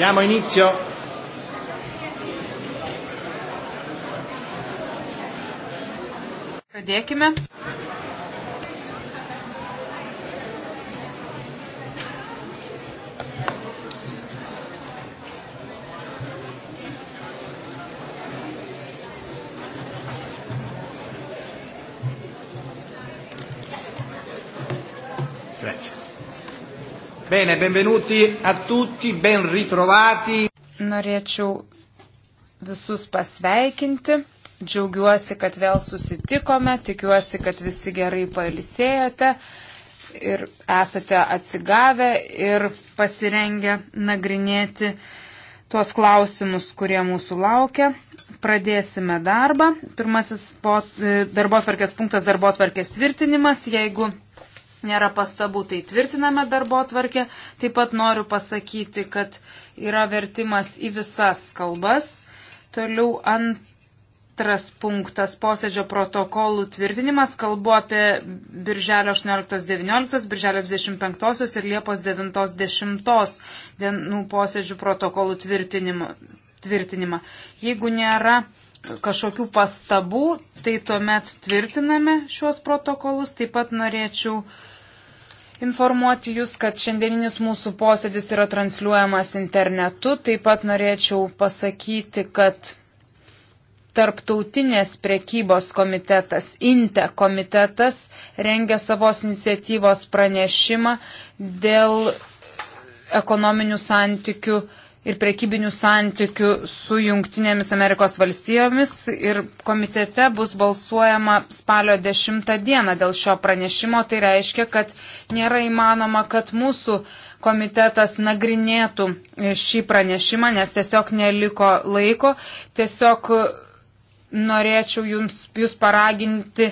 Diamo inizio. Pradėkime. Bene, benvenuti a tutti, ben ritrovati. Norėčiau visus pasveikinti. Džiaugiuosi, kad vėl susitikome, tikiuosi, kad visi gerai palisėjote ir esate atsigavę ir pasirengę nagrinėti tuos klausimus, kurie mūsų laukia. Pradėsime darbą. Pirmasis po, e, darbo tvarkės punktas - darbo tvarkės tvirtinimas. Jeigu nėra pastabų, tai tvirtiname darbo tvarkę. Taip pat noriu pasakyti, kad yra vertimas į visas kalbas. Toliau antras punktas - posėdžio protokolų tvirtinimas. Kalbu apie Birželio 18-19, Birželio 25 ir Liepos 9-10 dienų posėdžių protokolų tvirtinimą. tvirtinimą. Jeigu nėra kažkokių pastabų, tai tuomet tvirtiname šios protokolus. Taip pat norėčiau informuoti Jūs, kad šiandieninis mūsų posėdis yra transliuojamas internetu. Taip pat norėčiau pasakyti, kad Tarptautinės priekybos komitetas, INTE komitetas, rengia savos iniciatyvos pranešimą dėl ekonominių santykių ir prekybinių santykių su Junktinėmis Amerikos valstijomis ir komitete bus balsuojama spalio 10 dieną dėl šio pranešimo. Tai reiškia, kad nėra įmanoma, kad mūsų komitetas nagrinėtų šį pranešimą, nes tiesiog neliko laiko. Tiesiog norėčiau jums, jūs paraginti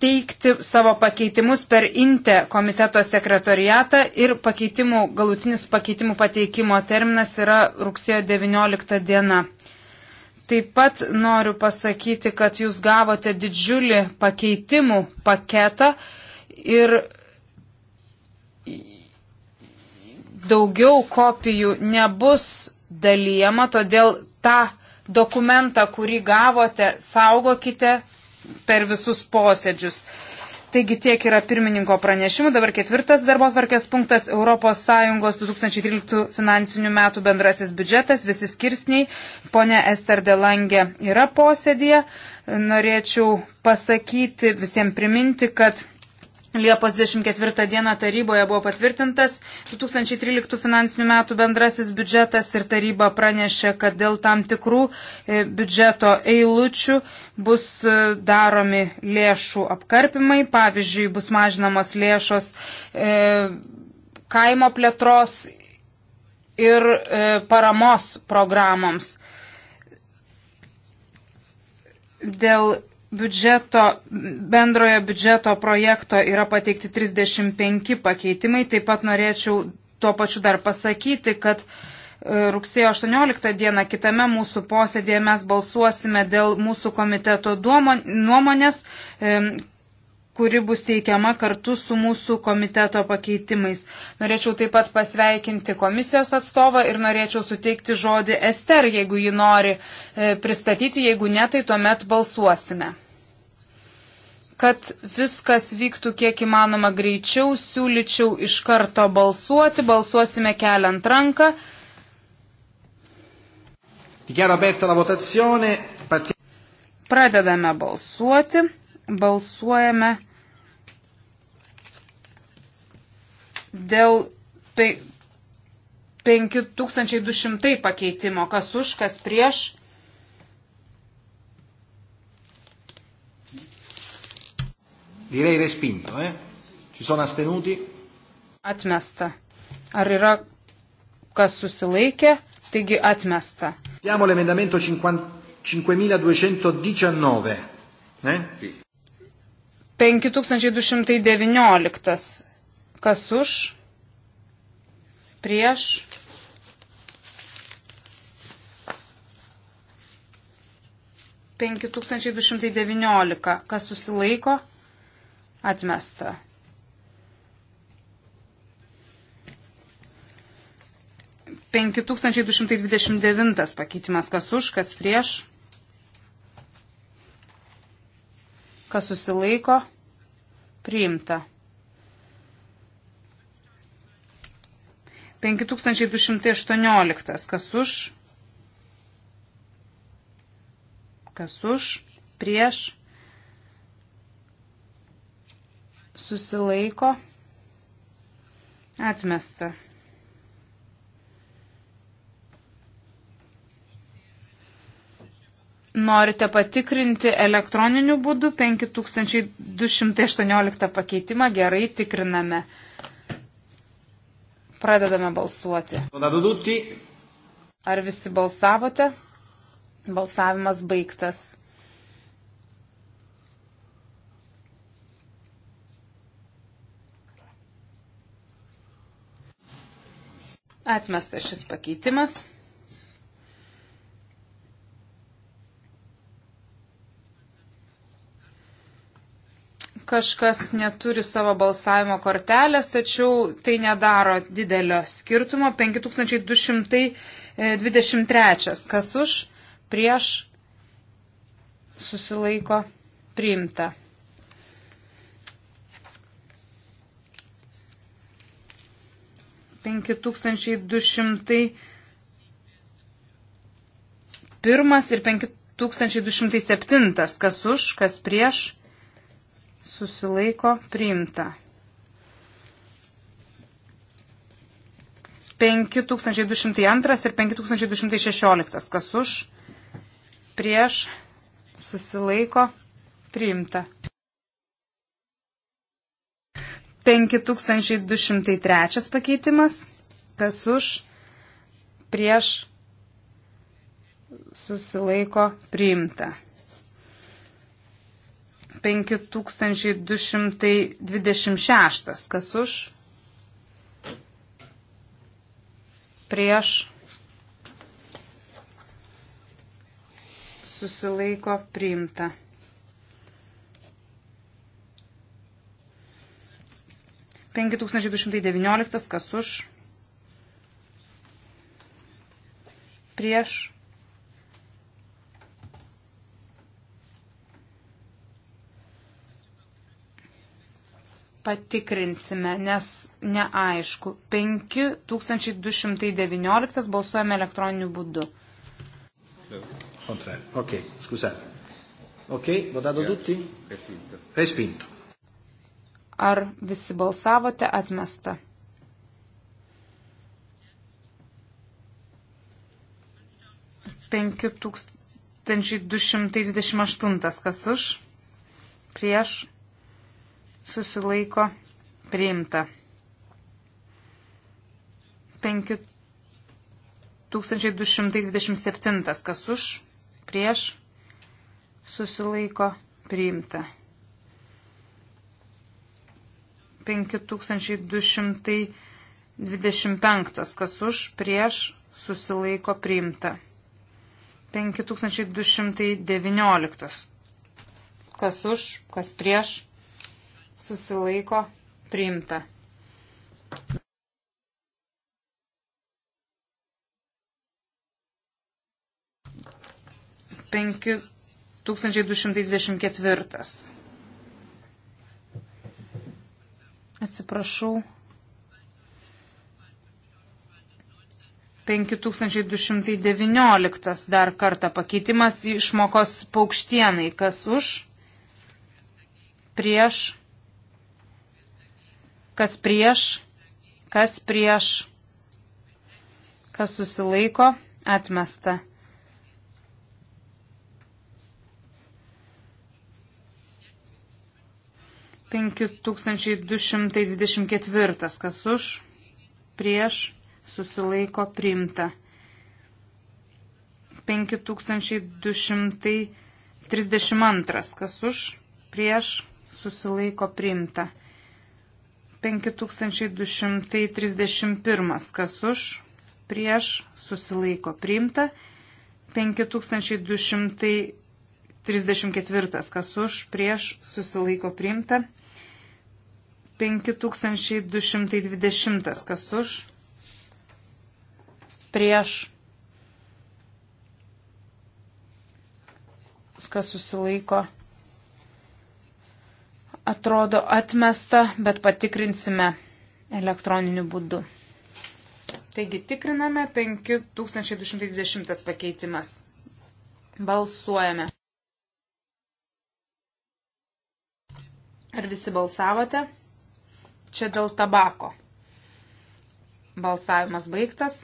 teikti savo pakeitimus per INTE komiteto sekretoriatą ir pakeitimų, galutinis pakeitimų pateikimo terminas yra rugsėjo 19 diena. Taip pat noriu pasakyti, kad jūs gavote didžiulį pakeitimų paketą ir daugiau kopijų nebus dalyjama, todėl tą dokumentą, kurį gavote, saugokite, per visus posėdžius. Taigi tiek yra pirmininko pranešimų. Dabar ketvirtas darbo tvarkės punktas - ES 2013 finansinių metų bendrasis biudžetas, visi skirsniai. Pone Esterdelangė yra posėdėje. Norėčiau pasakyti, visiems priminti, kad Liepos 24 dieną taryboje buvo patvirtintas 2013 finansinių metų bendrasis biudžetas ir taryba pranešė, kad dėl tam tikrų e, biudžeto eilučių bus e, daromi lėšų apkarpimai, pavyzdžiui, bus mažinamos lėšos e, kaimo plėtros ir paramos programoms. Dėl biudžeto, bendrojo biudžeto projekto yra pateikti 35 pakeitimai. Taip pat norėčiau tuo pačiu dar pasakyti, kad e, rugsėjo 18 dieną kitame mūsų posėdėje mes balsuosime dėl mūsų komiteto duomo, nuomonės, kuri bus teikiama kartu su mūsų komiteto pakeitimais. Norėčiau taip pat pasveikinti komisijos atstovą ir norėčiau suteikti žodį Ester, jeigu ji nori e, pristatyti, jeigu ne, tai tuomet balsuosime. Kad viskas vyktų kiek įmanoma greičiau, siūlyčiau iš karto balsuoti, balsuosime keliant ranką. Dichiaro aperta la votazione. Pradedame balsuoti. Balsuojame dėl 5200 pakeitimo, kas už, kas prieš. Direi respinto, eh? Ci sono astenuti? Atmesta. Ar yra kas susilaikė? Taigi atmesta. Diamo l'emendamento 5219. Eh? Sì. 5219. Kas už? Prieš? Penki tūkstančiai du šimtai devyniolika. Kas susilaiko? Atmesta. Penki tūkstančiai du šimtai dvidešimt devintas pakeitimas. Kas už? Kas prieš? Kas susilaiko? Priimta. 5218. Kas už? Kas už? Prieš? Susilaiko? Atmesta. Norite patikrinti elektroniniu būdu 5218 pakeitimą, gerai tikriname. Pradedame balsuoti. Ar visi balsavote? Balsavimas baigtas. Atmestas šis pakeitimas. kažkas neturi savo balsavimo kortelės, tačiau tai nedaro didelio skirtumo. 5223. E, kas už, prieš, susilaiko, priimta. Penki tūkstančiai du šimtai pirmas ir penki tūkstančiai du šimtai septintas, kas už, kas prieš, susilaiko priimta. 5202 ir 5216. Kas už, prieš, susilaiko, priimta. 5203 pakeitimas. Kas už, prieš, susilaiko, priimta. 5226. Kas už? Prieš. Susilaiko priimta. Penki tūkstančiai du šimtai devynioliktas, kas už? Prieš patikrinsime, nes neaišku. 5219 balsuojame elektroniniu būdu. Contrario. Ok, scusate. Ok, votato tutti? Respinto. Ar visi balsavote atmesta? Penki tūkstančiai du šimtai dvidešimt aštuntas, kas už? Prieš susilaiko priimta. 5227 kas už, prieš susilaiko priimta. 5225 kas už, prieš susilaiko priimta. 5219 kas už, kas prieš susilaiko priimta. Penki 1224. Atsiprašau. 5219 dar kartą pakeitimas išmokos paukštienai. Kas už? Prieš kas prieš, kas prieš, kas susilaiko, atmesta. Penki tūkstančiai du šimtai dvidešimt ketvirtas, kas už, prieš, susilaiko, priimta. 5232, kas už, prieš, susilaiko priimta. 5231, kas už, prieš, susilaiko priimta. 5234, kas už, prieš, susilaiko priimta. 5220, kas už, prieš, kas susilaiko priimta atrodo atmesta, bet patikrinsime elektroniniu būdu. Taigi tikriname 5210 pakeitimas. Balsuojame. Ar visi balsavote? Čia dėl tabako. Balsavimas baigtas.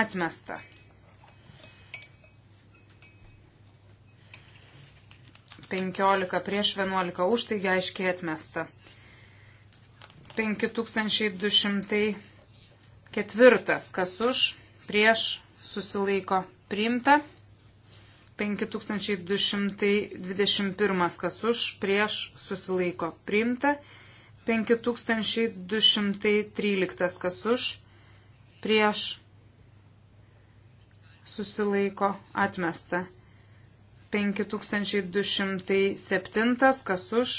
Atmesta. 15 prieš 11 už, taigi aiškiai atmesta. 5204, kas už, prieš susilaiko priimta. 5221, kas už, prieš susilaiko priimta. 5213, kas už, prieš susilaiko atmesta. 5207, kas už,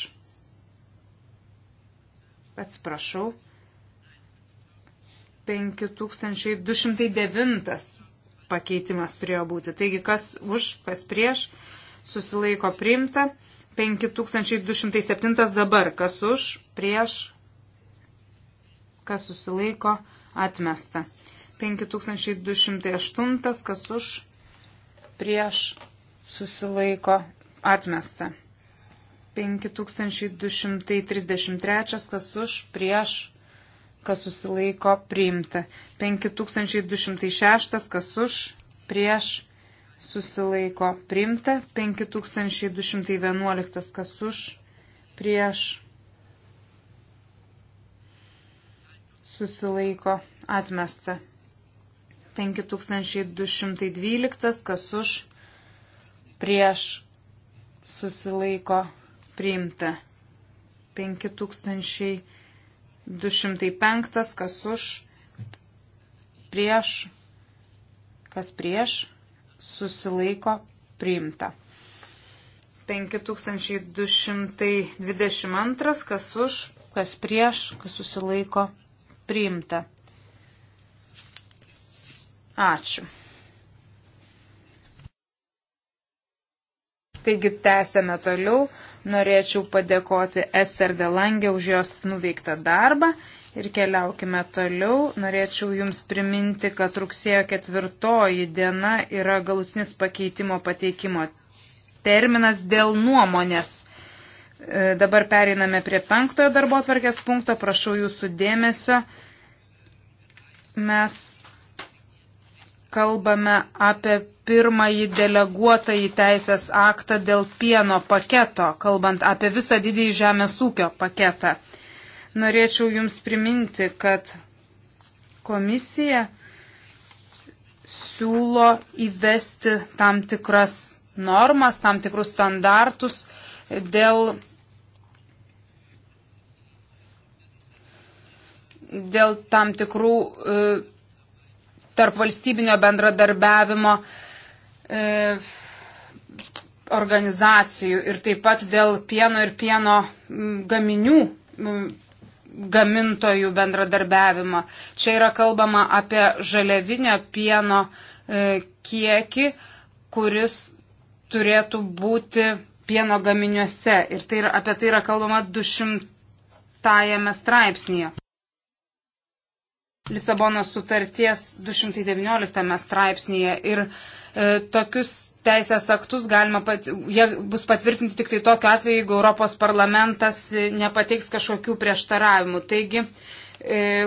atsiprašau, 5209 pakeitimas turėjo būti. Taigi, kas už, kas prieš, susilaiko priimta. 5207 dabar, kas už, prieš, kas susilaiko, atmesta. 5208, kas už, prieš, susilaiko atmesta. 5233, kas už, prieš, kas susilaiko priimta. 5206, kas už, prieš, susilaiko priimta. 5211, kas už, prieš, susilaiko atmesta. 5212, kas už, prieš prieš susilaiko priimta. 5205, kas už, prieš, kas prieš, susilaiko priimta. 5222, kas už, kas prieš, kas susilaiko priimta. Ačiū. Taigi tęsėme toliau. Norėčiau padėkoti Ester Delangė už jos nuveiktą darbą ir keliaukime toliau. Norėčiau Jums priminti, kad rugsėjo ketvirtoji diena yra galutinis pakeitimo pateikimo terminas dėl nuomonės. E, dabar pereiname prie penktojo darbo atvarkės punkto. Prašau Jūsų dėmesio. Mes kalbame apie pirmąjį deleguotą į teisės aktą dėl pieno paketo, kalbant apie visą didįjį žemės ūkio paketą. Norėčiau Jums priminti, kad komisija siūlo įvesti tam tikras normas, tam tikrus standartus dėl, dėl tam tikrų e, tarp valstybinio bendradarbiavimo e, organizacijų ir taip pat dėl pieno ir pieno gaminių gamintojų bendradarbiavimą. Čia yra kalbama apie žaliavinio pieno e, kiekį, kuris turėtų būti pieno gaminiuose. Ir tai yra, apie tai yra kalbama 200 straipsnėje. Lisabonos sutarties 219 straipsnėje ir e, tokius teisės aktus galima, pat, jie bus patvirtinti tik tai tokiu atveju, jeigu Europos parlamentas e, nepateiks kažkokių prieštaravimų. Taigi e,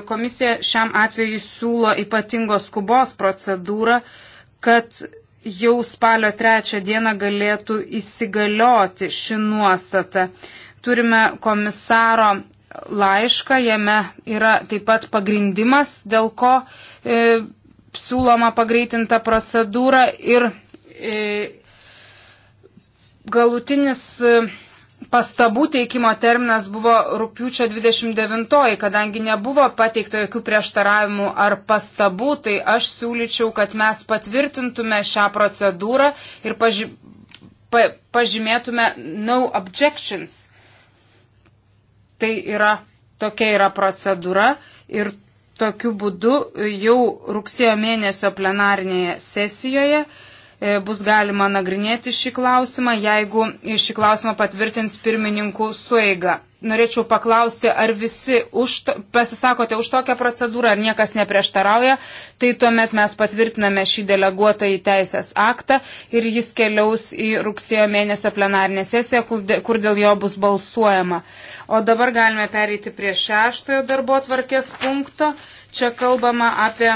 komisija šiam atveju siūlo ypatingos skubos procedūrą, kad jau spalio trečią dieną galėtų įsigalioti ši nuostata. Turime komisaro laišką, jame yra taip pat pagrindimas, dėl ko e, siūloma pagreitinta procedūra ir e, galutinis e, pastabų teikimo terminas buvo rūpiučio 29, kadangi nebuvo pateikta jokių prieštaravimų ar pastabų, tai aš siūlyčiau, kad mes patvirtintume šią procedūrą ir paži pa pažymėtume no objections Tai yra tokia yra procedūra ir tokiu būdu jau rugsėjo mėnesio plenarinėje sesijoje e, bus galima nagrinėti šį klausimą, jeigu šį klausimą patvirtins pirmininkų sueiga. Norėčiau paklausti, ar visi už, pasisakote už tokią procedūrą, ar niekas neprieštarauja, tai tuomet mes patvirtiname šį deleguotą į teisės aktą ir jis keliaus į rugsėjo mėnesio plenarinę sesiją, kur dėl jo bus balsuojama. O dabar galime pereiti prie šeštojo darbo tvarkės punkto. Čia kalbama apie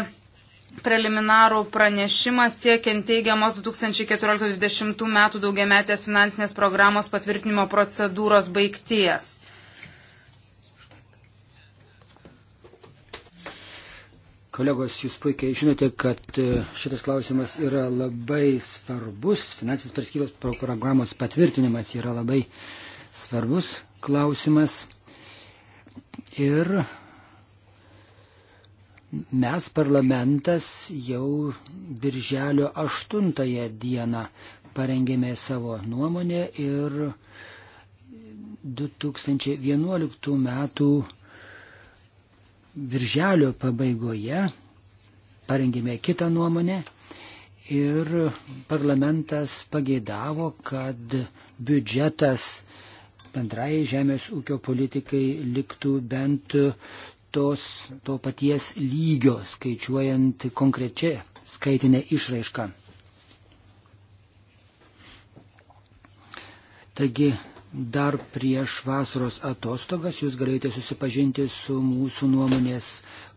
preliminarų pranešimą siekiant teigiamos 2014-2020 metų daugiametės finansinės programos patvirtinimo procedūros baigties. Kolegos, jūs puikiai žinote, kad e, šitas klausimas yra labai svarbus. Finansinės perskybos programos patvirtinimas yra labai svarbus klausimas. Ir mes parlamentas jau birželio 8 dieną parengėme savo nuomonę ir 2011 metų birželio pabaigoje parengėme kitą nuomonę ir parlamentas pageidavo, kad biudžetas bendrai žemės ūkio politikai liktų bent tos, to paties lygio, skaičiuojant konkrečią skaitinę išraišką. Taigi dar prieš vasaros atostogas jūs galėjote susipažinti su mūsų nuomonės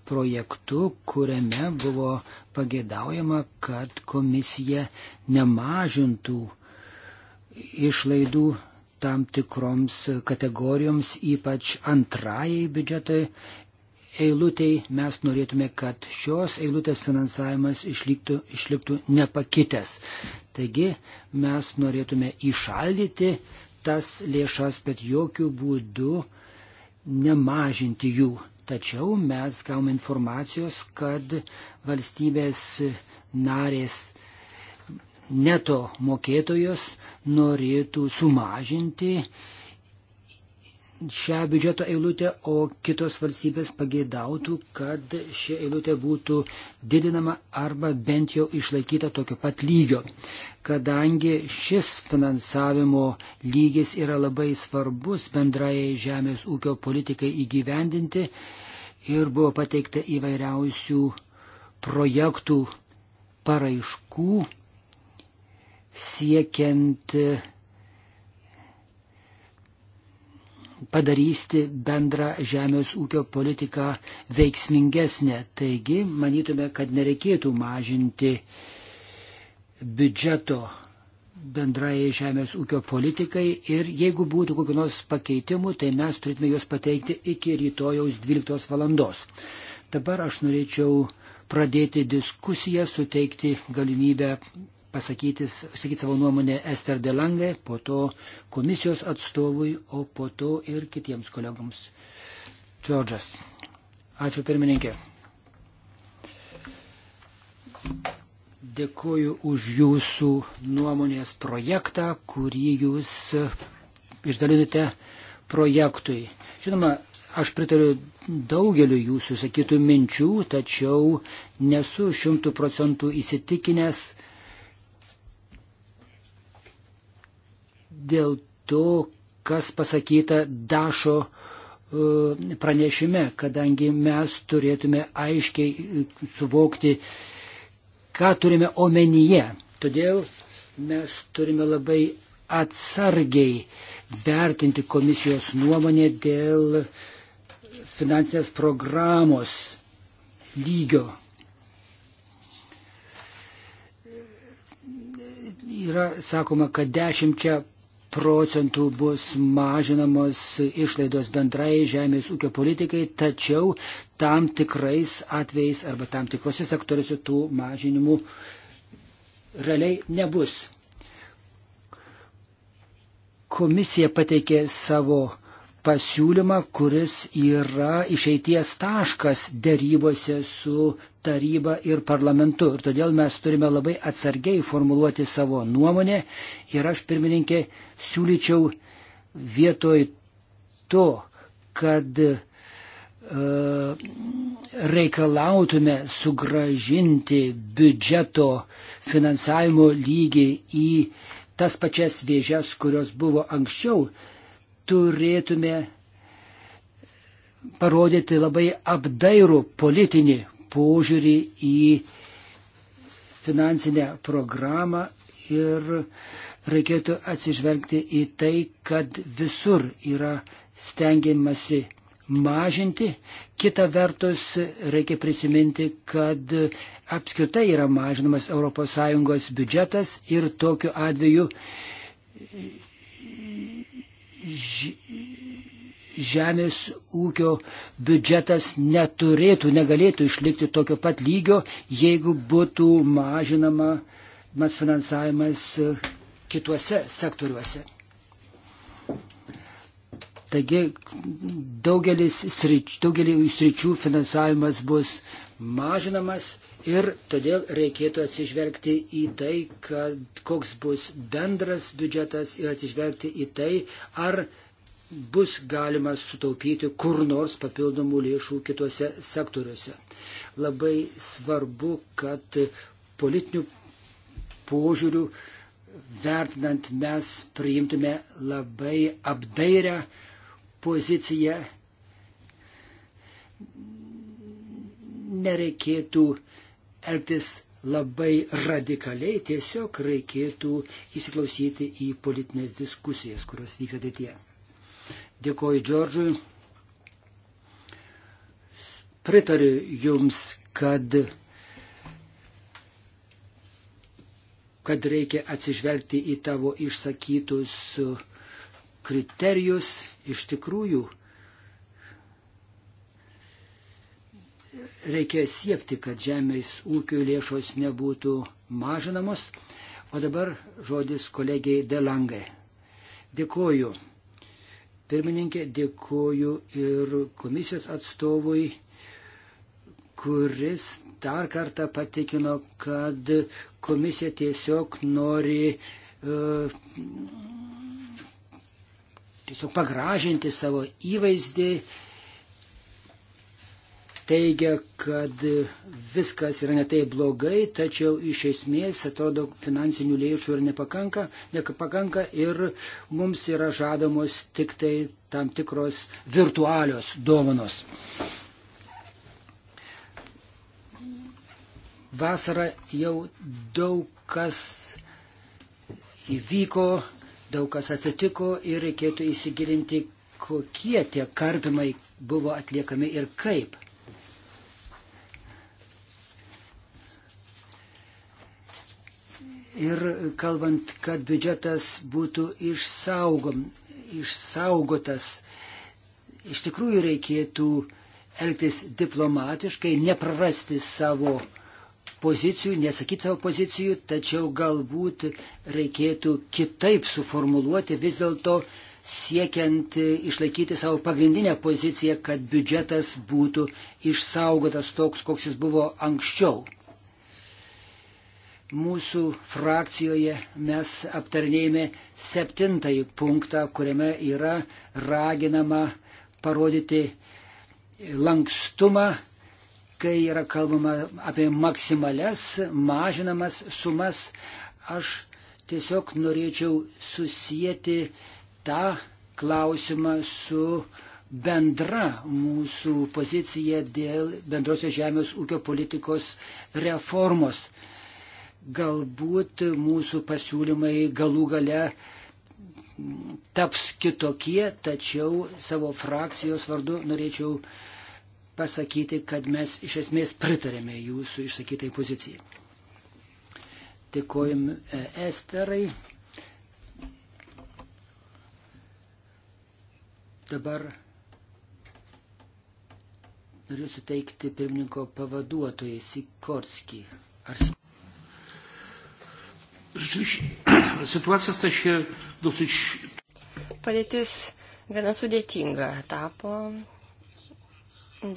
projektu, kuriame buvo pagėdaujama, kad komisija nemažintų išlaidų tam tikroms kategorijoms, ypač antrajai biudžeto eilutei, mes norėtume, kad šios eilutės finansavimas išliktų, išliktų nepakitęs. Taigi mes norėtume įšaldyti tas lėšas, bet jokių būdų nemažinti jų. Tačiau mes gavome informacijos, kad valstybės narės neto mokėtojos norėtų sumažinti šią biudžeto eilutę, o kitos valstybės pageidautų, kad ši eilutė būtų didinama arba bent jau išlaikyta tokio pat lygio. Kadangi šis finansavimo lygis yra labai svarbus bendrai žemės ūkio politikai įgyvendinti ir buvo pateikta įvairiausių projektų paraiškų siekiant e, padarysti bendrą žemės ūkio politiką veiksmingesnę. Taigi, manytume, kad nereikėtų mažinti biudžeto bendrai žemės ūkio politikai ir jeigu būtų kokių nors pakeitimų, tai mes turėtume juos pateikti iki rytojaus 12 valandos. Dabar aš norėčiau pradėti diskusiją, suteikti galimybę pasakyti savo nuomonę Ester Delangai, po to komisijos atstovui, o po to ir kitiems kolegams. Džordžas. Ačiū pirmininkė. Dėkuoju už jūsų nuomonės projektą, kurį jūs išdalinote projektui. Žinoma, aš pritariu daugeliu jūsų sakytų minčių, tačiau nesu šimtų procentų įsitikinęs, dėl to, kas pasakyta Dašo e, pranešime, kadangi mes turėtume aiškiai e, suvokti, ką turime omenyje. Todėl mes turime labai atsargiai vertinti komisijos nuomonę dėl finansinės programos lygio. Yra sakoma, kad dešimčia procentų bus mažinamos išlaidos bendrai žemės ūkio politikai, tačiau tam tikrais atvejais arba tam tikrose sektoriuose tų mažinimų realiai nebus. Komisija pateikė savo pasiūlymą, kuris yra išeities taškas dėrybose su taryba ir parlamentu. Ir todėl mes turime labai atsargiai formuluoti savo nuomonę. Ir aš, pirmininkė, siūlyčiau vietoj to, kad e, reikalautume sugražinti biudžeto finansavimo lygį į tas pačias vėžes, kurios buvo anksčiau, turėtume parodyti labai apdairų politinį požiūrį į finansinę programą ir reikėtų atsižvelgti į tai, kad visur yra stengiamasi mažinti. Kita vertus, reikia prisiminti, kad apskritai yra mažinamas ES biudžetas ir tokiu atveju žemės ūkio biudžetas neturėtų, negalėtų išlikti tokio pat lygio, jeigu būtų mažinama mas finansavimas kituose sektoriuose. Taigi daugelis sričių, daugelį sričių finansavimas bus mažinamas Ir todėl reikėtų atsižvelgti į tai, kad koks bus bendras biudžetas ir atsižvelgti į tai, ar bus galima sutaupyti kur nors papildomų lėšų kitose sektoriuose. Labai svarbu, kad politinių požiūrių vertinant mes priimtume labai apdairę poziciją. Nereikėtų elgtis labai radikaliai, tiesiog reikėtų įsiklausyti į politinės diskusijas, kurios vyksta ateitie. Dėkoju Džordžui. Pritariu Jums, kad, kad reikia atsižvelgti į tavo išsakytus kriterijus. Iš tikrųjų, reikia siekti, kad žemės ūkio lėšos nebūtų mažinamos. O dabar žodis kolegijai Delangai. Dėkoju. Pirmininkė, dėkoju ir komisijos atstovui, kuris dar kartą patikino, kad komisija tiesiog nori uh, tiesiog pagražinti savo įvaizdį uh, teigia, kad viskas yra netai blogai, tačiau iš esmės atrodo finansinių lėšų ir nepakanka, nepakanka ir mums yra žadamos tik tai tam tikros virtualios dovanos. Vasara jau daug kas įvyko, daug kas atsitiko ir reikėtų įsigilinti, kokie tie karpimai buvo atliekami ir kaip. ir kalbant, kad biudžetas būtų išsaugom, išsaugotas, iš tikrųjų reikėtų elgtis diplomatiškai, neprarasti savo pozicijų, nesakyti savo pozicijų, tačiau galbūt reikėtų kitaip suformuluoti vis dėlto siekiant išlaikyti savo pagrindinę poziciją, kad biudžetas būtų išsaugotas toks, koks jis buvo anksčiau mūsų frakcijoje mes aptarnėjame septintąjį punktą, kuriame yra raginama parodyti lankstumą, kai yra kalbama apie maksimales mažinamas sumas. Aš tiesiog norėčiau susijęti tą klausimą su bendra mūsų pozicija dėl bendrosios žemės ūkio politikos reformos galbūt mūsų pasiūlymai galų gale taps kitokie, tačiau savo frakcijos vardu norėčiau pasakyti, kad mes iš esmės pritarėme jūsų išsakytai pozicijai. Dėkojim e, Esterai. Dabar noriu suteikti pirmininko pavaduotojai Sikorskį. Ar... Situacija stašė dosyč. Padėtis gana sudėtinga tapo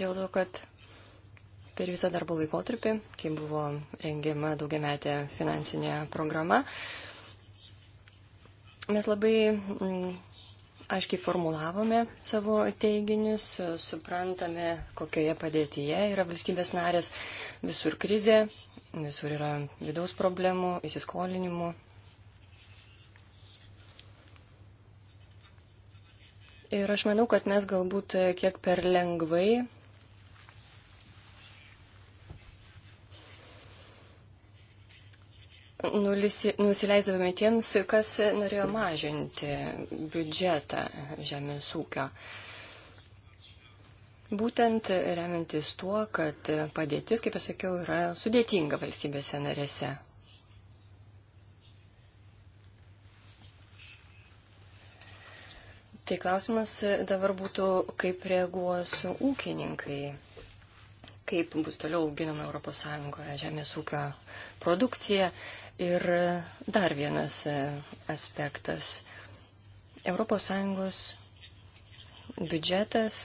dėl to, kad per visą darbo laikotarpį, kai buvo rengiama daugiametė finansinė programa, mes labai mm, aiškiai formulavome savo teiginius, suprantame, kokioje padėtyje yra valstybės narės, visur krizė, visur yra vidaus problemų, įsiskolinimų. Ir aš manau, kad mes galbūt kiek per lengvai nusileisdavome tiems, kas norėjo mažinti biudžetą žemės ūkio. Būtent remiantis tuo, kad padėtis, kaip aš sakiau, yra sudėtinga valstybėse narėse. Tai klausimas dabar būtų, kaip reaguos ūkininkai, kaip bus toliau auginama ES žemės ūkio produkcija Ir dar vienas e, aspektas. ES biudžetas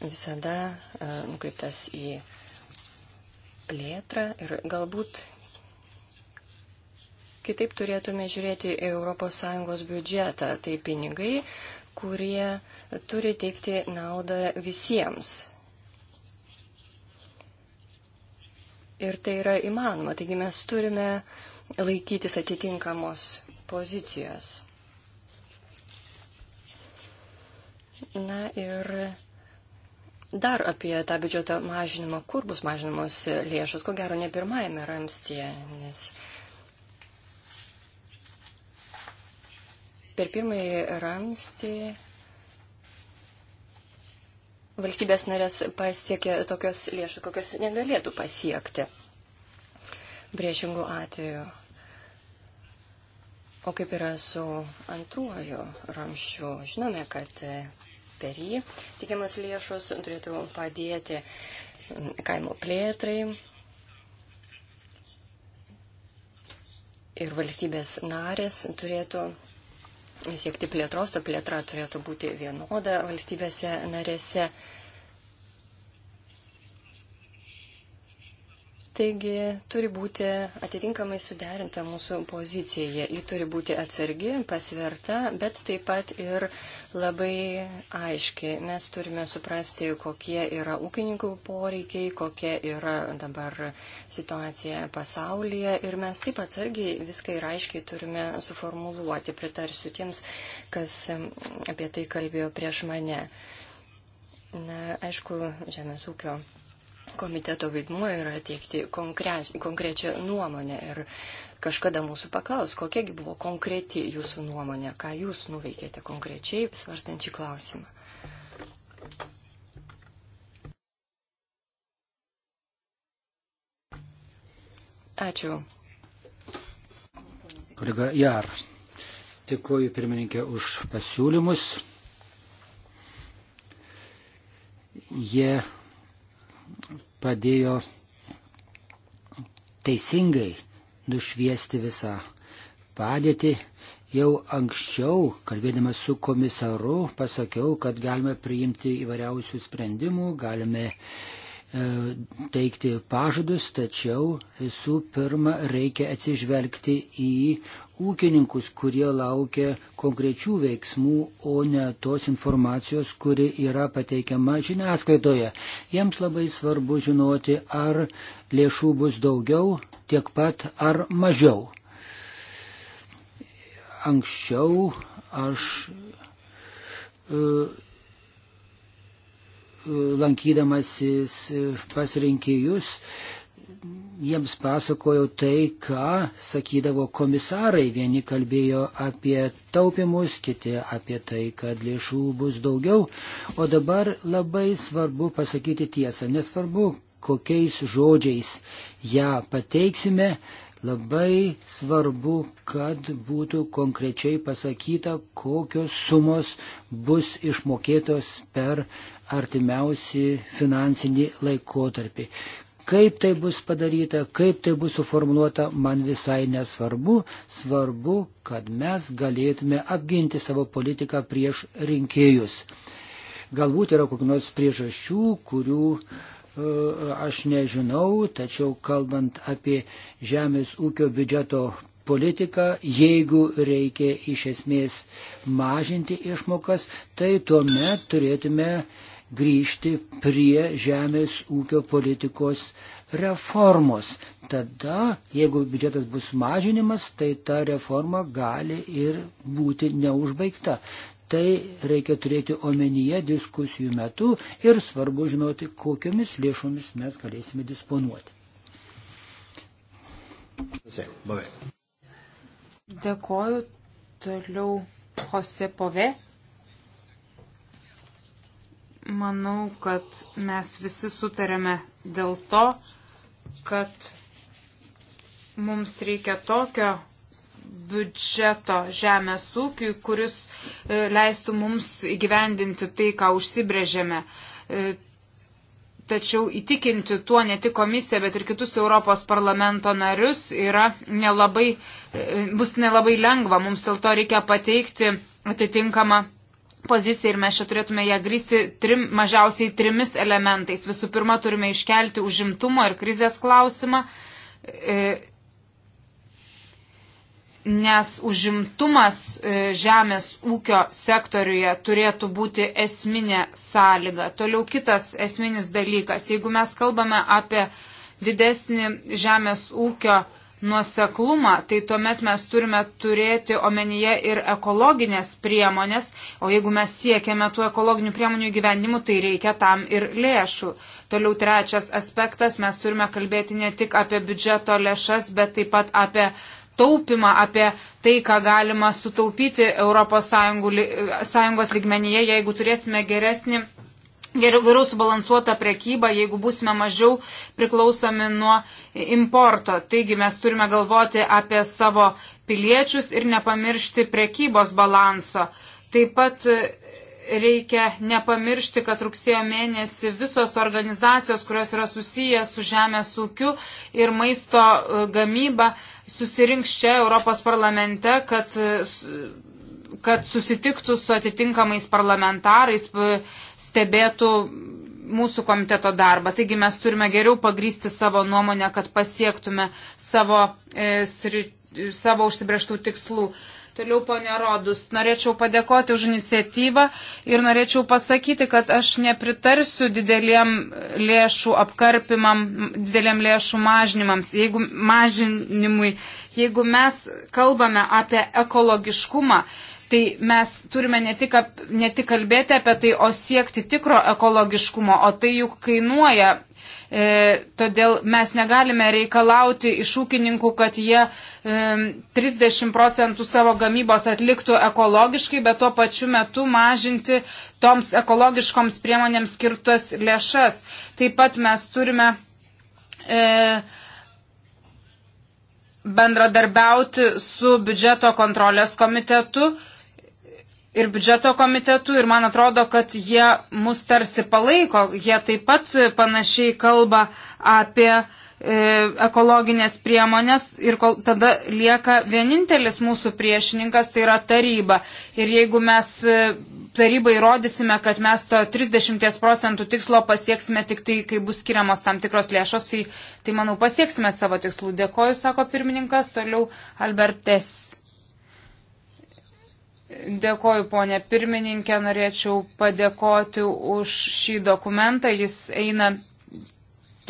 visada e, nukreiptas į plėtrą ir galbūt kitaip turėtume žiūrėti į ES biudžetą. Tai pinigai, kurie turi teikti naudą visiems. Ir tai yra įmanoma. Taigi mes turime uh, laikytis atitinkamos pozicijos. Na ir dar apie tą biudžeto mažinimą, kur bus mažinamos lėšos, ko gero ne pirmajame ramstyje, nes per pirmąjį ramstį valstybės narės pasiekė tokios lėšos, kokios negalėtų pasiekti priešingų atveju. O kaip yra su antruoju ramščiu? Žinome, kad per jį tikiamas lėšos turėtų padėti kaimo plėtrai ir valstybės narės turėtų siekti plėtros, ta plėtra turėtų būti vienoda valstybėse narėse. Taigi turi būti atitinkamai suderinta mūsų pozicija. Ji turi būti atsargi, pasverta, bet taip pat ir labai aiški. Mes turime suprasti, kokie yra ūkininkų poreikiai, kokia yra dabar situacija pasaulyje. Ir mes taip atsargiai viską ir aiškiai turime suformuluoti. Pritarsiu tiems, kas apie tai kalbėjo prieš mane. Na, aišku, žemės ūkio komiteto vaidmuo yra teikti konkrečią nuomonę. Ir kažkada mūsų paklaus, kokiagi buvo konkreti jūsų nuomonė, ką jūs nuveikėte konkrečiai svarstant šį klausimą. Ačiū. Kolega Jar, dėkuoju pirmininkė už pasiūlymus. Jie yeah padėjo teisingai nušviesti visą padėtį. Jau anksčiau, kalbėdamas su komisaru, pasakiau, kad galime priimti įvairiausių sprendimų, galime uh, E, teikti pažadus, tačiau visų pirma reikia atsižvelgti į ūkininkus, kurie laukia konkrečių veiksmų, o ne tos informacijos, kuri yra pateikiama žiniasklaidoje. Jiems labai svarbu žinoti, ar lėšų bus daugiau, tiek pat ar mažiau. Anksčiau aš. Uh, lankydamasis pas rinkėjus, jiems pasakojau tai, ką sakydavo komisarai. Vieni kalbėjo apie taupimus, kiti apie tai, kad lėšų bus daugiau. O dabar labai svarbu pasakyti tiesą, nesvarbu, kokiais žodžiais ją pateiksime. Labai svarbu, kad būtų konkrečiai pasakyta, kokios sumos bus išmokėtos per artimiausi finansinį laikotarpį. Kaip tai bus padaryta, kaip tai bus suformuoluota, man visai nesvarbu. Svarbu, kad mes galėtume apginti savo politiką prieš rinkėjus. Galbūt yra kokių nors priežasčių, kurių e, aš nežinau, tačiau kalbant apie žemės ūkio biudžeto politiką, jeigu reikia iš esmės mažinti išmokas, tai tuomet turėtume uh, grįžti prie žemės ūkio politikos reformos. Tada, jeigu biudžetas bus mažinimas, tai ta reforma gali ir būti neužbaigta. Tai reikia turėti omenyje diskusijų metu ir svarbu žinoti, kokiamis lėšomis mes galėsime disponuoti. Dėkoju toliau Jose Pove. Manau, kad mes visi sutarėme dėl to, kad mums reikia tokio biudžeto žemės ūkiui, kuris e, leistų mums įgyvendinti tai, ką užsibrėžėme. E, tačiau įtikinti tuo ne tik komisiją, bet ir kitus Europos parlamento narius yra nelabai, e, bus nelabai lengva. Mums dėl to reikia pateikti atitinkamą poziciją ir mes čia turėtume ją grįsti trim, mažiausiai trimis elementais. Visų pirma, turime iškelti užimtumo ir krizės klausimą, e, nes užimtumas e, žemės ūkio sektoriuje turėtų būti esminė sąlyga. Toliau kitas esminis dalykas, jeigu mes kalbame apie didesnį žemės ūkio nuoseklumą, tai tuomet mes turime turėti omenyje ir ekologinės priemonės, o jeigu mes siekiame tų ekologinių priemonių gyvenimų, tai reikia tam ir lėšų. Toliau trečias aspektas, mes turime kalbėti ne tik apie biudžeto lėšas, bet taip pat apie taupimą, apie tai, ką galima sutaupyti ES lygmenyje, jeigu turėsime geresnį geriau, geriau subalansuota prekyba, jeigu būsime mažiau priklausomi nuo importo. Taigi mes turime galvoti apie savo piliečius ir nepamiršti prekybos balanso. Taip pat e, reikia nepamiršti, kad rugsėjo mėnesį visos organizacijos, kurios yra susiję su žemės ūkiu ir maisto e, gamyba, susirinks čia Europos parlamente, kad e, kad susitiktų su atitinkamais parlamentarais, stebėtų mūsų komiteto darbą. Taigi mes turime geriau pagrysti savo nuomonę, kad pasiektume savo, e, sri, savo užsibrieštų tikslų. Toliau, ponė Rodus, norėčiau padėkoti už iniciatyvą ir norėčiau pasakyti, kad aš nepritarsiu dideliem lėšų apkarpimam, dideliem lėšų mažinimams, jeigu, mažinimui. Jeigu mes kalbame apie ekologiškumą, Tai mes turime ne tik, ap, ne tik kalbėti apie tai, o siekti tikro ekologiškumo, o tai juk kainuoja. E, todėl mes negalime reikalauti iš ūkininkų, kad jie e, 30 procentų savo gamybos atliktų ekologiškai, bet tuo pačiu metu mažinti toms ekologiškoms priemonėms skirtas lėšas. Taip pat mes turime. E, bendradarbiauti su biudžeto kontrolės komitetu, ir biudžeto komitetu ir man atrodo, kad jie mus tarsi palaiko. Jie taip pat panašiai kalba apie e, ekologinės priemonės ir kol, tada lieka vienintelis mūsų priešininkas, tai yra taryba. Ir jeigu mes e, tarybai rodysime, kad mes to 30 procentų tikslo pasieksime tik tai, kai bus skiriamos tam tikros lėšos, tai, tai manau pasieksime savo tikslų. Dėkoju, sako pirmininkas, toliau Albertes. Dėkoju, ponė pirmininkė, norėčiau padėkoti už šį dokumentą. Jis eina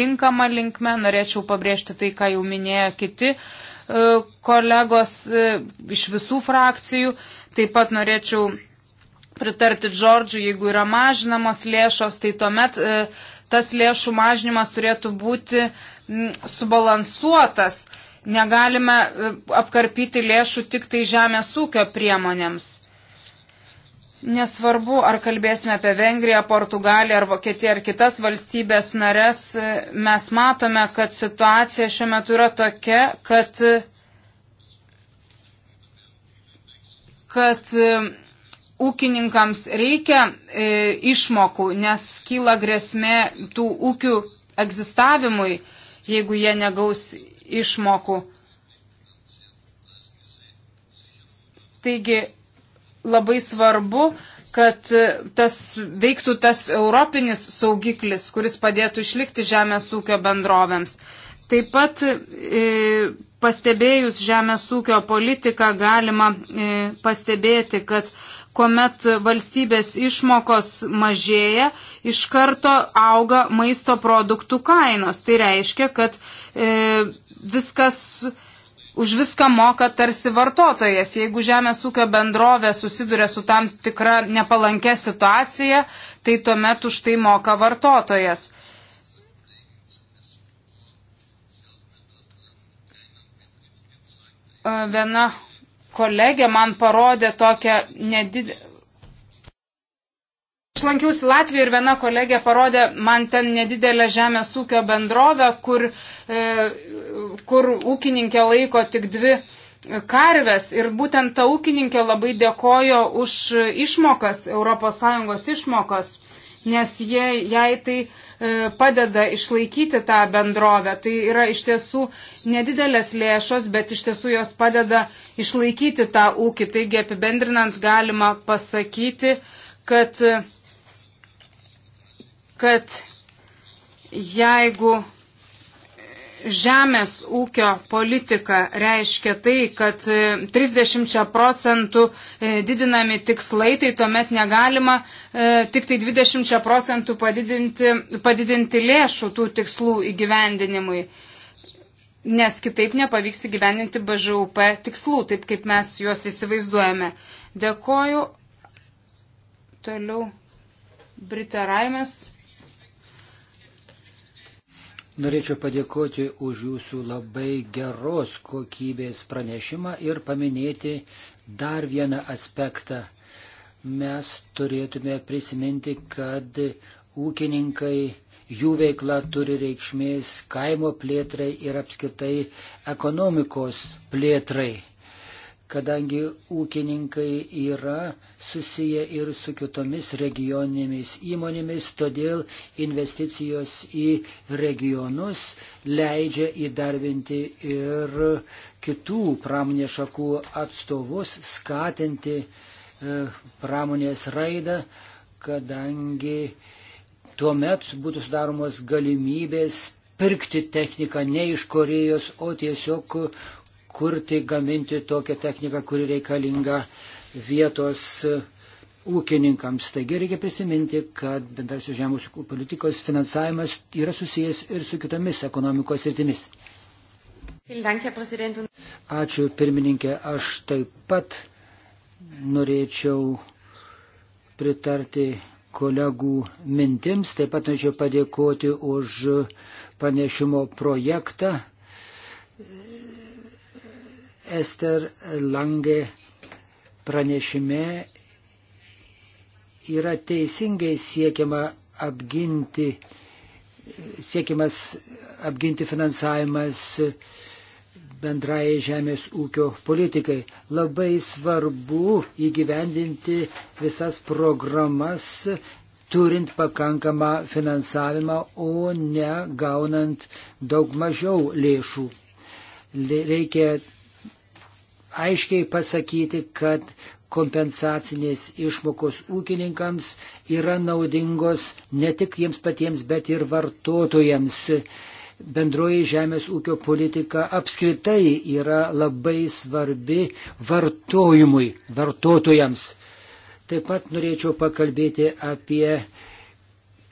tinkama linkme, norėčiau pabrėžti tai, ką jau minėjo kiti e, kolegos e, iš visų frakcijų. Taip pat norėčiau pritarti Džordžiui, jeigu yra mažinamos lėšos, tai tuomet e, tas lėšų mažinimas turėtų būti subalansuotas. Negalime e, apkarpyti lėšų tik tai žemės ūkio priemonėms. Nesvarbu, ar kalbėsime apie Vengriją, Portugaliją ar Vokietiją ar kitas valstybės nares, e, mes matome, kad situacija šiuo metu yra tokia, kad, e, kad ūkininkams reikia e, išmokų, nes kyla grėsmė tų ūkių egzistavimui, jeigu jie negaus išmokų. Taigi labai svarbu, kad tas veiktų tas europinis saugiklis, kuris padėtų išlikti žemės ūkio bendrovėms. Taip pat e, pastebėjus žemės ūkio politiką galima e, pastebėti, kad kuomet valstybės išmokos mažėja, iš karto auga maisto produktų kainos. Tai reiškia, kad e, viskas už viską moka tarsi vartotojas. Jeigu žemės ūkio bendrovė susiduria su tam tikra nepalankia situacija, tai tuomet už tai moka vartotojas. E, viena kolegė man parodė tokią nedidelę. Aš lankiausi Latvijoje ir viena kolegė parodė man ten nedidelę žemės ūkio bendrovę, kur, e, kur ūkininkė laiko tik dvi karves. Ir būtent ta ūkininkė labai dėkojo už išmokas, ES išmokas, nes jie, jai tai E, padeda išlaikyti tą bendrovę. Tai yra iš tiesų nedidelės lėšos, bet iš tiesų jos padeda išlaikyti tą ūkį. Taigi apibendrinant galima pasakyti, kad, kad jeigu žemės ūkio politika reiškia tai, kad 30 e, procentų e, didinami tikslai, tai tuomet negalima e, tik tai 20 procentų padidinti, padidinti lėšų tų tikslų įgyvendinimui, nes kitaip nepavyks įgyvendinti BŽUP tikslų, taip kaip mes juos įsivaizduojame. Dėkoju. Toliau. Brita Raimės. Norėčiau padėkoti už jūsų labai geros kokybės pranešimą ir paminėti dar vieną aspektą. Mes turėtume prisiminti, kad ūkininkai, jų veikla turi reikšmės kaimo plėtrai ir apskaitai ekonomikos plėtrai, kadangi ūkininkai yra susiję ir su kitomis regioninėmis įmonėmis, todėl investicijos į regionus leidžia įdarbinti ir kitų pramonės šakų atstovus, skatinti e, pramonės raidą, kadangi tuomet būtų sudaromos galimybės pirkti techniką ne iš Korejos, o tiesiog kurti, gaminti tokią techniką, kuri reikalinga vietos ūkininkams. Taigi reikia prisiminti, kad bendrasios žemės politikos finansavimas yra susijęs ir su kitomis ekonomikos rytimis. Ačiū pirmininkė, aš taip pat norėčiau pritarti kolegų mintims, taip pat norėčiau padėkoti už pranešimo projektą. Ester Lange pranešime yra teisingai siekiama apginti, siekiamas apginti finansavimas bendrai žemės ūkio politikai. Labai svarbu įgyvendinti visas programas, turint pakankamą finansavimą, o ne gaunant daug mažiau lėšų. Reikia aiškiai pasakyti, kad kompensacinės išmokos ūkininkams yra naudingos ne tik jiems patiems, bet ir vartotojams. Bendroji žemės ūkio politika apskritai yra labai svarbi vartojimui, vartotojams. Taip pat norėčiau pakalbėti apie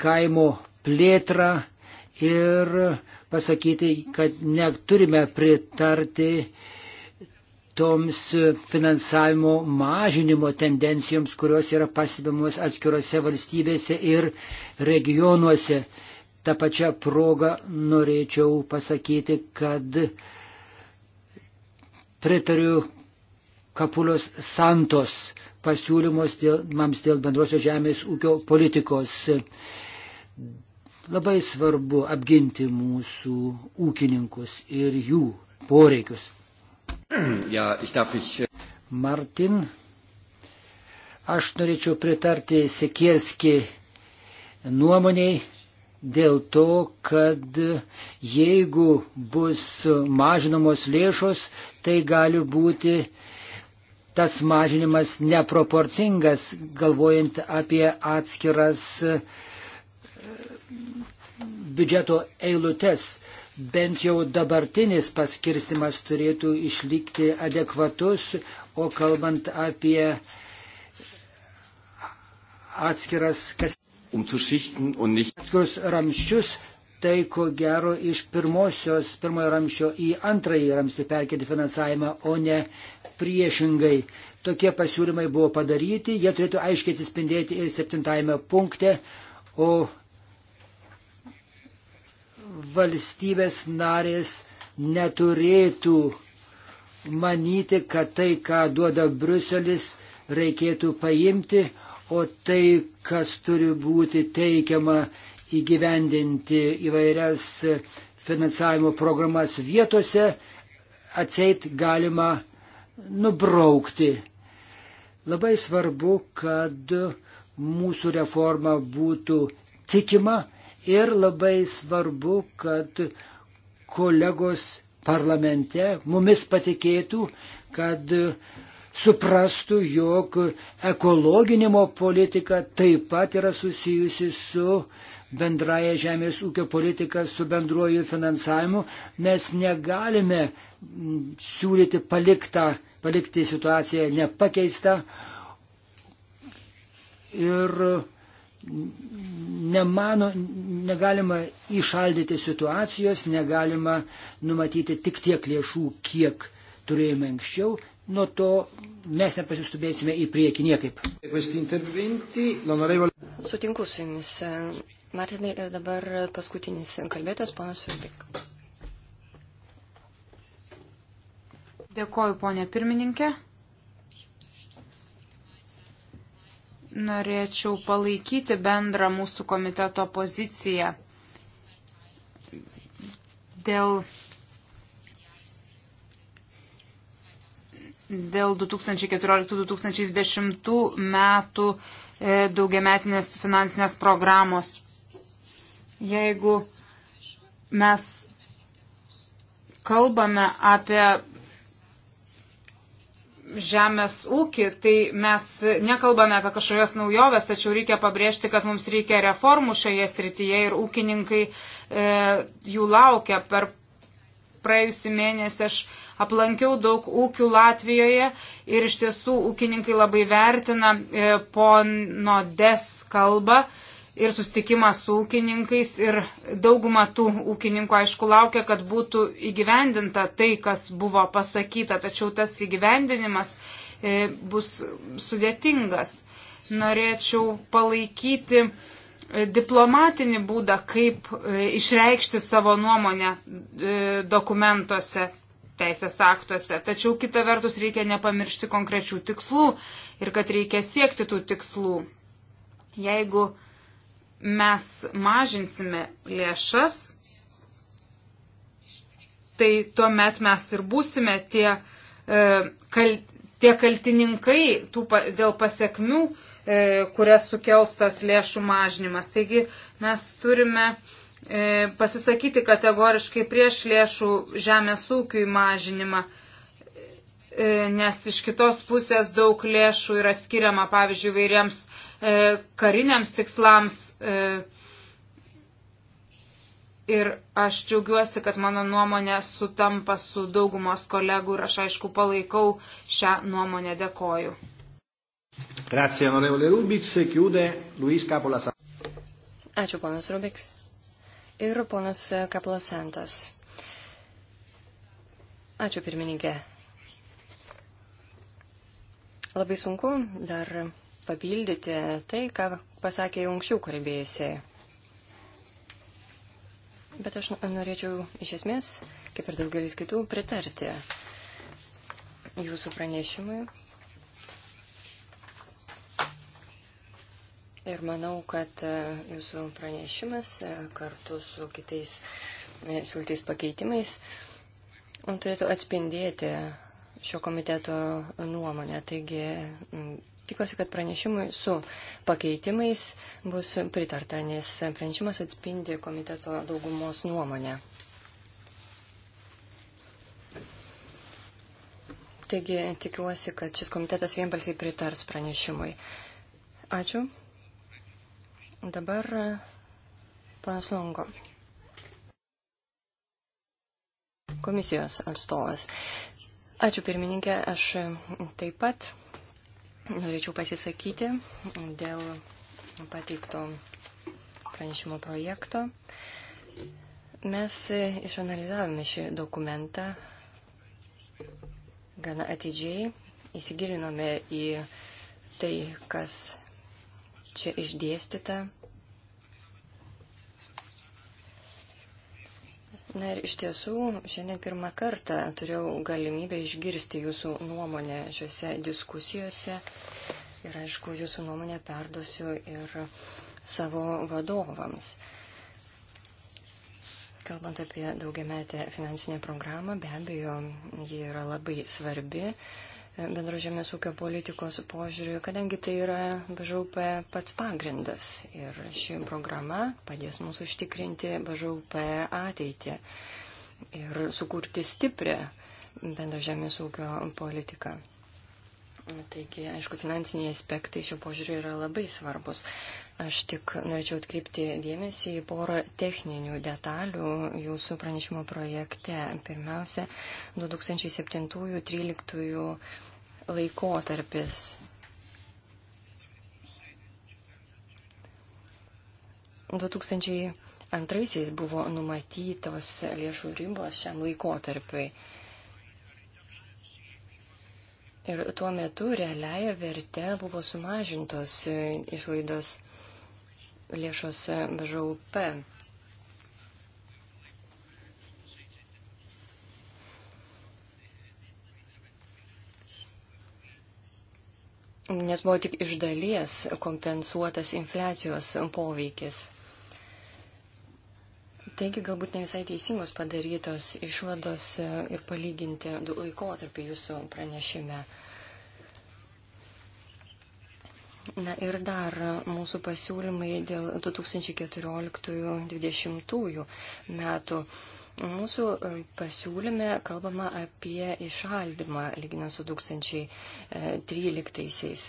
kaimo plėtrą ir pasakyti, kad neturime pritarti uh, toms finansavimo mažinimo tendencijoms, kurios yra pastebimos atskirose valstybėse ir regionuose. Ta pačia proga norėčiau pasakyti, kad pritariu Kapulios Santos pasiūlymos dėl, mams dėl bendrosios žemės ūkio politikos. Labai svarbu apginti mūsų ūkininkus ir jų poreikius. Ja, ich darf ich. Äh, Martin, aš norėčiau pritarti Sekierski nuomoniai dėl to, kad jeigu bus mažinamos lėšos, tai gali būti tas mažinimas neproporcingas, galvojant apie atskiras e, biudžeto eilutes bent jau dabartinis paskirstimas turėtų išlikti adekvatus, o kalbant apie atskiras, kas, atskirus ramščius, tai ko gero iš pirmosios, pirmojo ramščio į antrąjį ramstį perkėti finansavimą, o ne priešingai. Tokie pasiūlymai buvo padaryti, jie turėtų aiškiai atsispindėti ir septintajame punkte, o valstybės narės neturėtų manyti, kad tai, ką duoda Bruselis, reikėtų paimti, o tai, kas turi būti teikiama įgyvendinti įvairias finansavimo programas vietose, atseit galima nubraukti. Labai svarbu, kad mūsų reforma būtų tikima ir labai svarbu, kad kolegos parlamente mumis patikėtų, kad suprastų, jog ekologinimo politika taip pat yra susijusi su bendraja žemės ūkio politika, su bendruoju finansavimu. Mes negalime siūlyti paliktą, palikti situaciją nepakeistą. Ir nemano, negalima įšaldyti situacijos, negalima numatyti tik tiek lėšų, kiek turėjome anksčiau, nuo to mes nepasistubėsime į priekį niekaip. Sutinku su jumis, Martinai, ir dabar paskutinis kalbėtas, panas Jurdik. Dėkoju, ponė pirmininkė. norėčiau palaikyti bendrą mūsų komiteto poziciją dėl, dėl 2014-2020 metų e, daugiametinės finansinės programos. Jeigu mes kalbame apie žemės ūkį, tai mes nekalbame apie kažkokias naujoves, tačiau reikia pabrėžti, kad mums reikia reformų šioje srityje ir ūkininkai e, jų laukia. Per praėjusį mėnesį aš aplankiau daug ūkių Latvijoje ir iš tiesų ūkininkai labai vertina e, pono Des kalbą. E, ir susitikimas su ūkininkais ir dauguma tų ūkininkų aišku laukia, kad būtų įgyvendinta tai, kas buvo pasakyta, tačiau tas įgyvendinimas e, bus sudėtingas. Norėčiau palaikyti e, diplomatinį būdą, kaip e, išreikšti savo nuomonę dokumentuose, teisės aktuose. Tačiau kita vertus reikia nepamiršti konkrečių tikslų ir kad reikia siekti tų tikslų. Jeigu uh, mes mažinsime lėšas, tai tuomet mes ir būsime tie, e, kal, tie kaltininkai tų, dėl pasiekmių, e, kurias sukels tas lėšų mažinimas. Taigi mes turime e, pasisakyti kategoriškai prieš lėšų žemės ūkiui mažinimą, nes iš kitos pusės daug lėšų yra skiriama, pavyzdžiui, vairiems E, kariniams tikslams. E, ir aš džiaugiuosi, kad mano nuomonė sutampa su daugumos kolegų ir aš aišku palaikau šią nuomonę. Dėkoju. Grazie, onorevole Rubiks. Chiude Luis Capolas. Ačiū, ponas Rubiks. Ir ponas Kaplasantas. Ačiū, pirmininkė. Labai sunku dar papildyti tai, ką pasakė jau anksčiau kalbėjusiai. Bet aš norėčiau iš esmės, kaip ir daugelis kitų, pritarti jūsų pranešimui. Ir manau, kad e, jūsų pranešimas e, kartu su kitais e, siūlytais pakeitimais turėtų atspindėti šio komiteto nuomonę. Taigi tikiuosi, kad pranešimui su pakeitimais bus pritarta, nes pranešimas atspindi komiteto daugumos nuomonę. Taigi tikiuosi, kad šis komitetas vienbalsiai pritars pranešimui. Ačiū. Dabar panas Longo. Komisijos atstovas. Ačiū pirmininkė, aš taip pat norėčiau pasisakyti dėl pateikto pranešimo projekto. Mes išanalizavome šį dokumentą gana atidžiai, įsigilinome į tai, kas čia išdėstyta Na ir iš tiesų, šiandien pirmą kartą turėjau galimybę išgirsti jūsų nuomonę šiuose diskusijose ir, aišku, jūsų nuomonę perduosiu ir savo vadovams. Kalbant apie daugiametę finansinę programą, be abejo, ji yra labai svarbi bendro žemės ūkio politikos požiūriu, kadangi tai yra BŽUP pats pagrindas ir ši programa padės mums užtikrinti BŽUP ateitį ir sukurti stiprią bendro žemės ūkio politiką. Taigi, aišku, finansiniai aspektai šio požiūriu yra labai svarbus. Aš tik norėčiau atkreipti dėmesį į porą techninių detalių jūsų pranešimo projekte. Pirmiausia, 2007-2013 laikotarpis. Du tūkstančiai antraisiais buvo numatytos lėšų ribos šiam laikotarpiui. Ir tuo metu realiaja verte buvo sumažintos e, išlaidos lėšos e, BŽUP. Nes buvo tik iš dalies kompensuotas infliacijos poveikis. Taigi galbūt ne visai teisingos padarytos išvados e, ir palyginti du laikotarpį jūsų pranešime. Na ir dar mūsų pasiūlymai dėl 2014-2020 metų. Mūsų e, pasiūlyme kalbama apie išaldymą lyginant su 2013. E, -aisiais.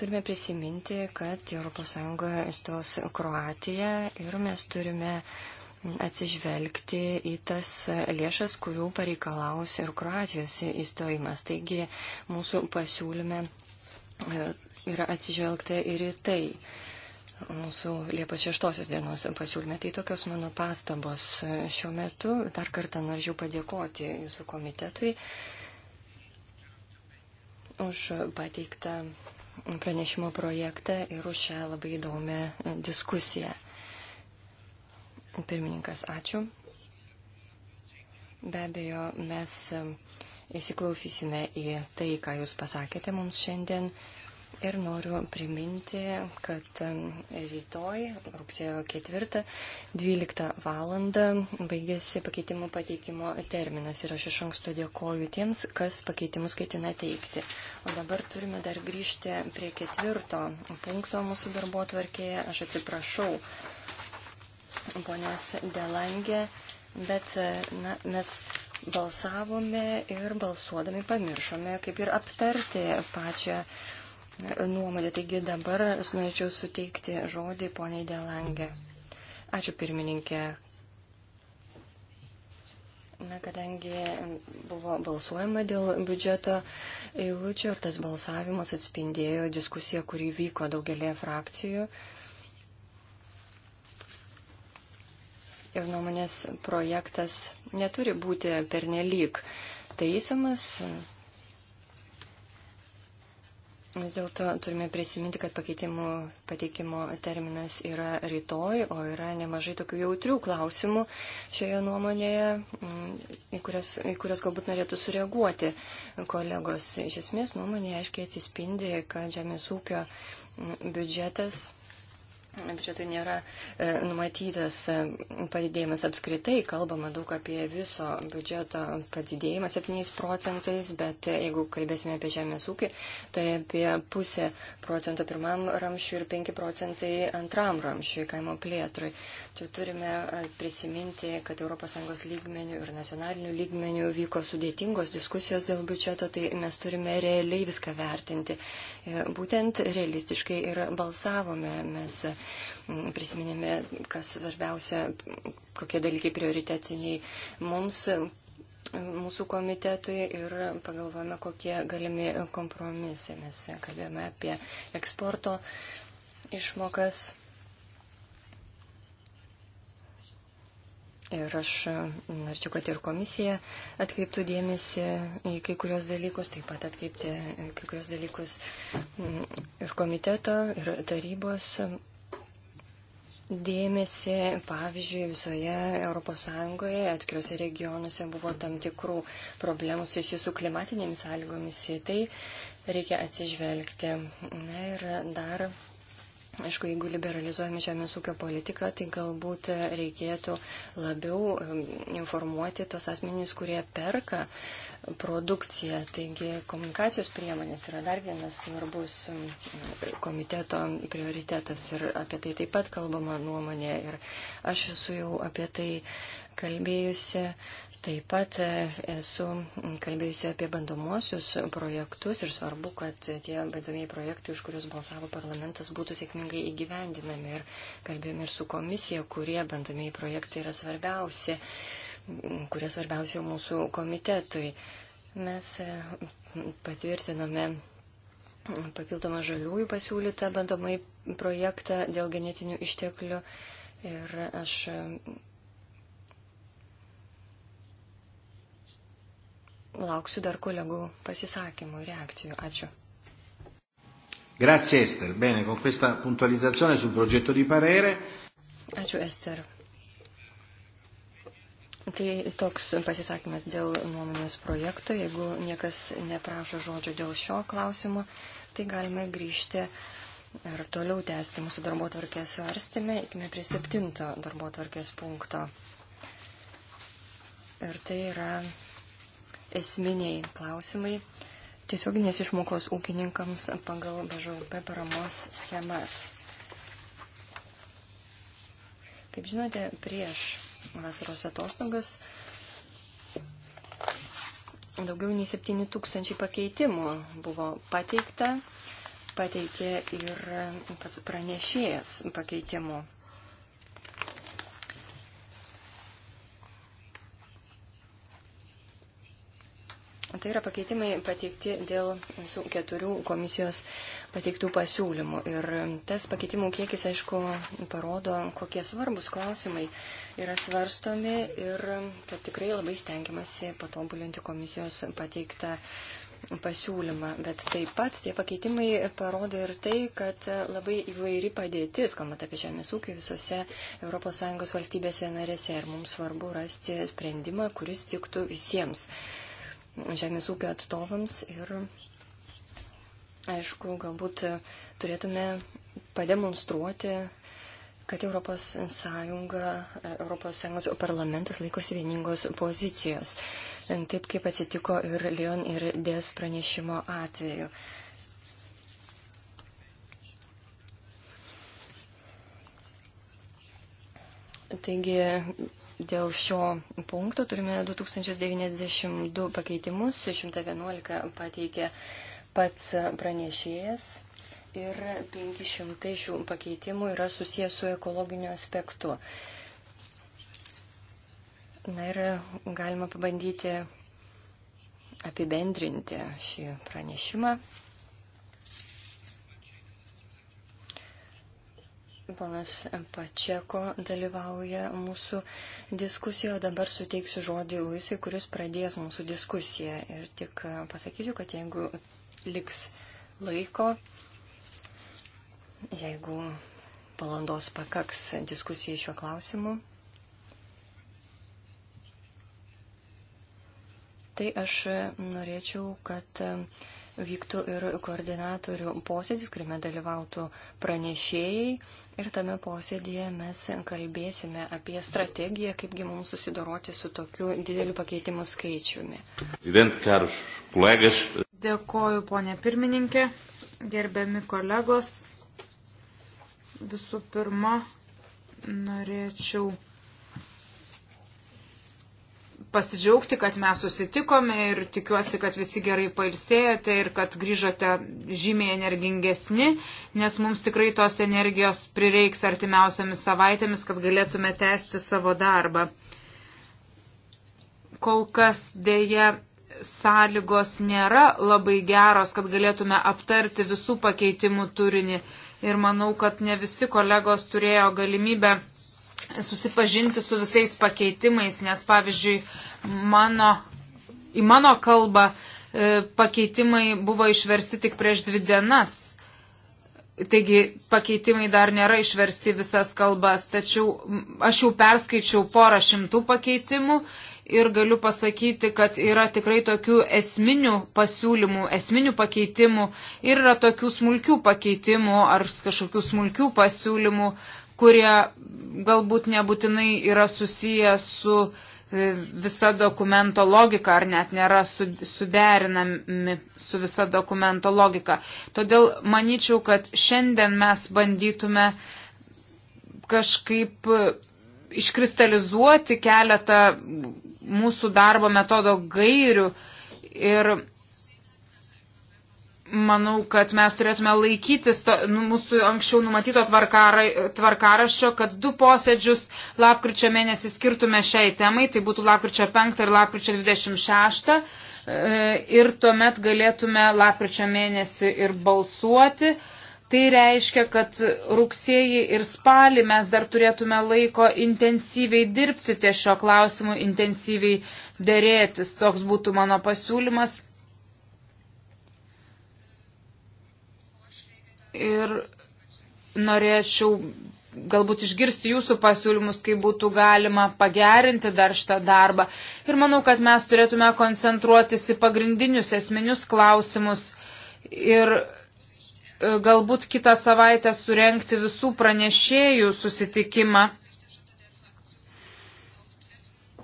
Turime prisiminti, kad ES įstos Kroatija ir mes turime atsižvelgti į tas lėšas, kurių pareikalaus ir Kroatijos įstojimas. Taigi mūsų pasiūlyme e, yra atsižvelgta ir į tai mūsų Liepos 6 dienos pasiūlyme. Tai tokios mano pastabos šiuo metu. Dar kartą norėčiau padėkoti jūsų komitetui už pateiktą pranešimo projektą ir už šią labai įdomią e, diskusiją. Pirmininkas, ačiū. Be abejo, mes e, įsiklausysime į tai, ką Jūs pasakėte mums šiandien. Ir noriu priminti, kad rytoj, rugsėjo 4, 12 val. baigėsi pakeitimų pateikimo terminas ir aš iš anksto dėkoju tiems, kas pakeitimus ketina teikti. O dabar turime dar grįžti prie ketvirto punkto mūsų darbo tvarkėje. Aš atsiprašau ponios Delangė, bet na, mes balsavome ir balsuodami pamiršome kaip ir aptarti pačią nuomonę. Taigi dabar aš norėčiau suteikti žodį poniai Delangė. Ačiū pirmininkė. Na, kadangi buvo balsuojama dėl biudžeto eilučio ir tas balsavimas atspindėjo diskusiją, kuri vyko daugelėje frakcijų. Ir nuomonės projektas neturi būti pernelyg taisomas, Vis dėlto turime prisiminti, kad pakeitimų pateikimo terminas yra rytoj, o yra nemažai tokių jautrių klausimų šioje nuomonėje, mm, į kurias, į kurias galbūt norėtų sureaguoti kolegos. Iš esmės nuomonėje aiškiai atsispindi, kad žemės ūkio mm, biudžetas biudžetui nėra e, numatytas e, padidėjimas apskritai, kalbama daug apie viso biudžeto padidėjimą 7 procentais, bet e, jeigu kalbėsime apie žemės ūkį, tai apie pusę procento pirmam ramšiui ir 5 procentai antram ramšiui kaimo plėtrui. Čia turime prisiminti, kad ES lygmenių ir nacionalinių lygmenių vyko sudėtingos diskusijos dėl biudžeto, tai mes turime realiai viską vertinti. Būtent realistiškai ir balsavome. Mes Mm, prisiminėme, kas svarbiausia, kokie dalykai prioritetiniai mums, mm, mūsų komitetui ir pagalvojame, kokie galimi kompromisai. Mes kalbėjome apie eksporto išmokas. Ir aš norėčiau, kad ir komisija atkreiptų dėmesį į kai kurios dalykus, taip pat atkreipti kai kurios dalykus mm, ir komiteto, ir tarybos dėmesį, pavyzdžiui, visoje ES atskiriuose regionuose buvo tam tikrų problemų susijusių su klimatinėmis sąlygomis, į tai reikia atsižvelgti. Na ir dar, aišku, jeigu liberalizuojame žemės ūkio politiką, tai galbūt reikėtų labiau um, informuoti tos asmenys, kurie perka uh, produkciją. Taigi komunikacijos priemonės yra dar vienas svarbus mm, komiteto prioritetas ir apie tai taip pat kalbama nuomonė. Ir aš esu jau apie tai kalbėjusi. Taip pat e, esu kalbėjusi apie bandomuosius projektus ir svarbu, kad tie bandomieji projektai, už kuriuos balsavo parlamentas, būtų sėkmingai įgyvendinami. Ir kalbėjome ir su komisija, kurie bandomieji projektai yra svarbiausi kurie svarbiausia mūsų komitetui. Mes e, patvirtinome papildomą žaliųjų pasiūlytą bandomai projektą dėl genetinių išteklių ir aš e, lauksiu dar kolegų pasisakymų, reakcijų. Ačiū. Grazie Ester. Bene, con questa puntualizzazione sul progetto di parere. Ačiū Ester. Tai toks pasisakymas dėl nuomonės projekto. Jeigu niekas neprašo žodžio dėl šio klausimo, tai galime grįžti ir toliau tęsti mūsų darbo tvarkės svarstymę. Ikime prie septinto darbo tvarkės punkto. Ir tai yra esminiai klausimai. Tiesioginės išmokos ūkininkams pagal BŽUP paramos schemas. Kaip žinote, prieš vasaros atostogas. Daugiau nei 7 tūkstančiai pakeitimų buvo pateikta, pateikė ir pats pranešėjas pakeitimų. Tai yra pakeitimai pateikti dėl visų keturių komisijos pateiktų pasiūlymų. Ir tas pakeitimų kiekis, aišku, parodo, kokie svarbus klausimai yra svarstomi ir kad tikrai labai stengiamasi patobulinti komisijos pateiktą pasiūlymą. Bet taip pat tie pakeitimai parodo ir tai, kad labai įvairi padėtis, kalbant apie žemės ūkį visose ES valstybėse narėse. Ir mums svarbu rasti sprendimą, kuris tiktų visiems žemės ūkio atstovams ir, aišku, galbūt turėtume pademonstruoti, kad Europos Sąjunga, Europos Sąjungos parlamentas laikosi vieningos pozicijos, taip kaip atsitiko ir Leon ir Dės pranešimo atveju. Taigi Dėl šio punkto turime 2092 pakeitimus, 111 pateikė pats pranešėjas ir 500 šių pakeitimų yra susijęs su ekologiniu aspektu. Na ir galima pabandyti apibendrinti šį pranešimą. Ponas Pačeko dalyvauja mūsų diskusijoje. Dabar suteiksiu žodį Luisui, kuris pradės mūsų diskusiją. Ir tik e, pasakysiu, kad jeigu liks laiko, jeigu valandos pakaks diskusijai šiuo klausimu, tai aš norėčiau, kad e, vyktų ir koordinatorių posėdis, kuriame dalyvautų pranešėjai Ir tame posėdėje mes kalbėsime apie strategiją, kaipgi mums susidoroti su tokiu dideliu pakeitimų skaičiumi. Dėkoju, ponė pirmininkė, gerbiami kolegos. Visų pirma, norėčiau pasidžiaugti, kad mes susitikome ir tikiuosi, kad visi gerai pailsėjote ir kad grįžote žymiai energingesni, nes mums tikrai tos energijos prireiks artimiausiamis savaitėmis, kad galėtume tęsti savo darbą. Kol kas dėja sąlygos nėra labai geros, kad galėtume aptarti visų pakeitimų turinį ir manau, kad ne visi kolegos turėjo galimybę susipažinti su visais pakeitimais, nes pavyzdžiui, mano, į mano kalbą e, pakeitimai buvo išversti tik prieš dvi dienas. Taigi pakeitimai dar nėra išversti visas kalbas, tačiau aš jau perskaičiau porą šimtų pakeitimų ir galiu pasakyti, kad yra tikrai tokių esminių pasiūlymų, esminių pakeitimų ir yra tokių smulkių pakeitimų ar kažkokių smulkių pasiūlymų, uh, kurie galbūt nebūtinai yra susiję su e, visa dokumento logika ar net nėra suderinami su visa dokumento logika. Todėl manyčiau, kad šiandien mes bandytume kažkaip e, iškristalizuoti keletą mūsų darbo metodo gairių ir manau, kad mes turėtume laikytis to, nu, mūsų anksčiau numatyto tvarkara, tvarkaraščio, kad du posėdžius lapkričio mėnesį skirtume šiai temai, tai būtų lapkričio 5 ir lapkričio 26. E, ir tuomet galėtume lapkričio mėnesį ir balsuoti. Tai reiškia, kad rugsėjį ir spalį mes dar turėtume laiko intensyviai dirbti ties šio klausimu, intensyviai dėrėtis. Toks būtų mano pasiūlymas. ir norėčiau galbūt išgirsti jūsų pasiūlymus, kaip būtų galima pagerinti dar šitą darbą. Ir manau, kad mes turėtume koncentruotis į pagrindinius esminius klausimus ir e, galbūt kitą savaitę surenkti visų pranešėjų susitikimą.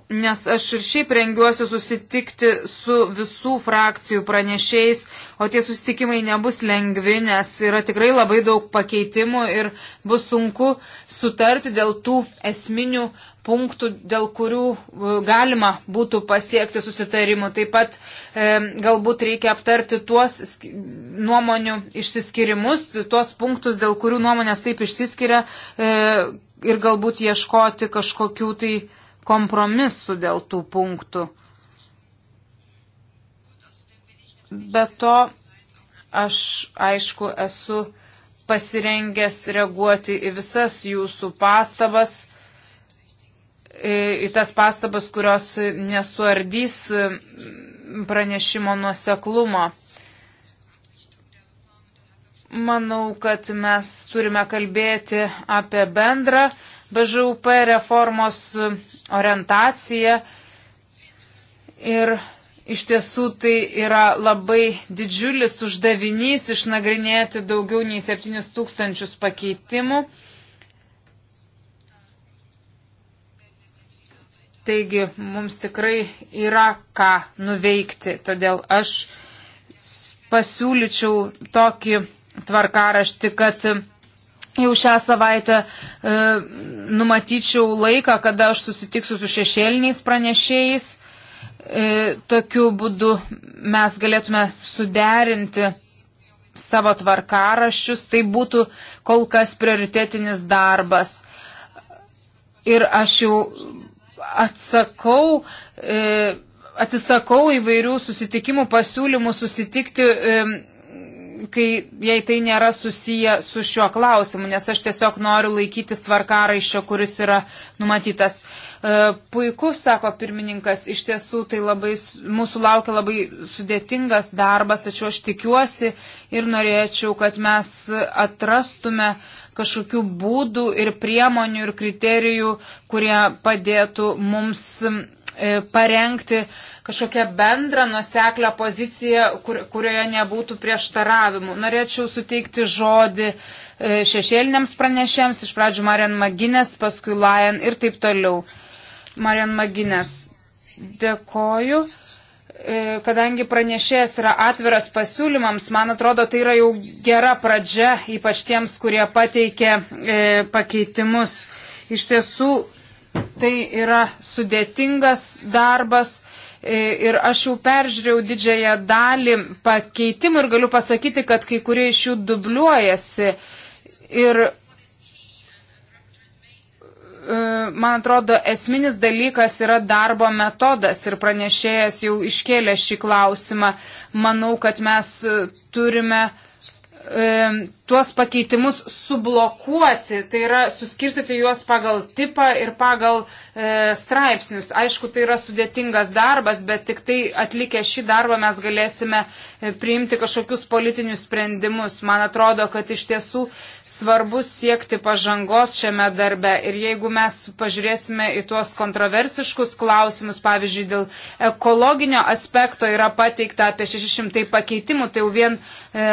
Nes aš ir šiaip rengiuosi susitikti su visų frakcijų pranešėjais O tie susitikimai nebus lengvi, nes yra tikrai labai daug pakeitimų ir bus sunku sutarti dėl tų esminių punktų, dėl kurių e, galima būtų pasiekti susitarimų. Taip pat e, galbūt reikia aptarti tuos nuomonių išsiskirimus, tuos punktus, dėl kurių nuomonės taip išsiskiria e, ir galbūt ieškoti kažkokių tai kompromisų dėl tų punktų. Be to, aš aišku esu pasirengęs reaguoti į visas jūsų pastabas, į tas pastabas, kurios nesuardys pranešimo nuoseklumo. Manau, kad mes turime kalbėti apie bendrą BŽUP reformos orientaciją ir Iš tiesų tai yra labai didžiulis uždavinys išnagrinėti daugiau nei 7000 pakeitimų. Taigi mums tikrai yra ką nuveikti, todėl aš pasiūlyčiau tokį tvarkaraštį, kad jau šią savaitę e, numatyčiau laiką, kada aš susitiksiu su šešėliniais pranešėjais E, tokiu būdu mes galėtume suderinti savo tvarkarašius, tai būtų kol kas prioritetinis darbas. Ir aš jau atsakau, e, atsisakau įvairių susitikimų, pasiūlymų susitikti e, kai, jei tai nėra susiję su šiuo klausimu, nes aš tiesiog noriu laikytis tvarkaraiščio, kuris yra numatytas. E, puiku, sako pirmininkas, iš tiesų tai labai, mūsų laukia labai sudėtingas darbas, tačiau aš tikiuosi ir norėčiau, kad mes atrastume kažkokių būdų ir priemonių ir kriterijų, kurie padėtų mums E, parengti kažkokią bendrą nuseklę poziciją, kur, kurioje nebūtų prieštaravimų. Norėčiau suteikti žodį e, šešėliniams pranešėms, iš pradžių Marian Maginės, paskui Lion ir taip toliau. Marian Maginės, dėkoju e, kadangi pranešėjas yra atviras pasiūlymams, man atrodo, tai yra jau gera pradžia, ypač tiems, kurie pateikė e, pakeitimus. Iš tiesų, Tai yra sudėtingas darbas e, ir aš jau peržiūrėjau didžiąją dalį pakeitimų ir galiu pasakyti, kad kai kurie iš jų dubliuojasi. Ir e, man atrodo, esminis dalykas yra darbo metodas ir pranešėjas jau iškėlė šį klausimą. Manau, kad mes e, turime tuos pakeitimus sublokuoti, tai yra suskirstyti juos pagal tipą ir pagal e, straipsnius. Aišku, tai yra sudėtingas darbas, bet tik tai atlikę šį darbą mes galėsime e, priimti kažkokius politinius sprendimus. Man atrodo, kad iš tiesų svarbu siekti pažangos šiame darbe. Ir jeigu mes pažiūrėsime į tuos kontroversiškus klausimus, pavyzdžiui, dėl ekologinio aspekto yra pateikta apie 600 pakeitimų, tai jau vien e,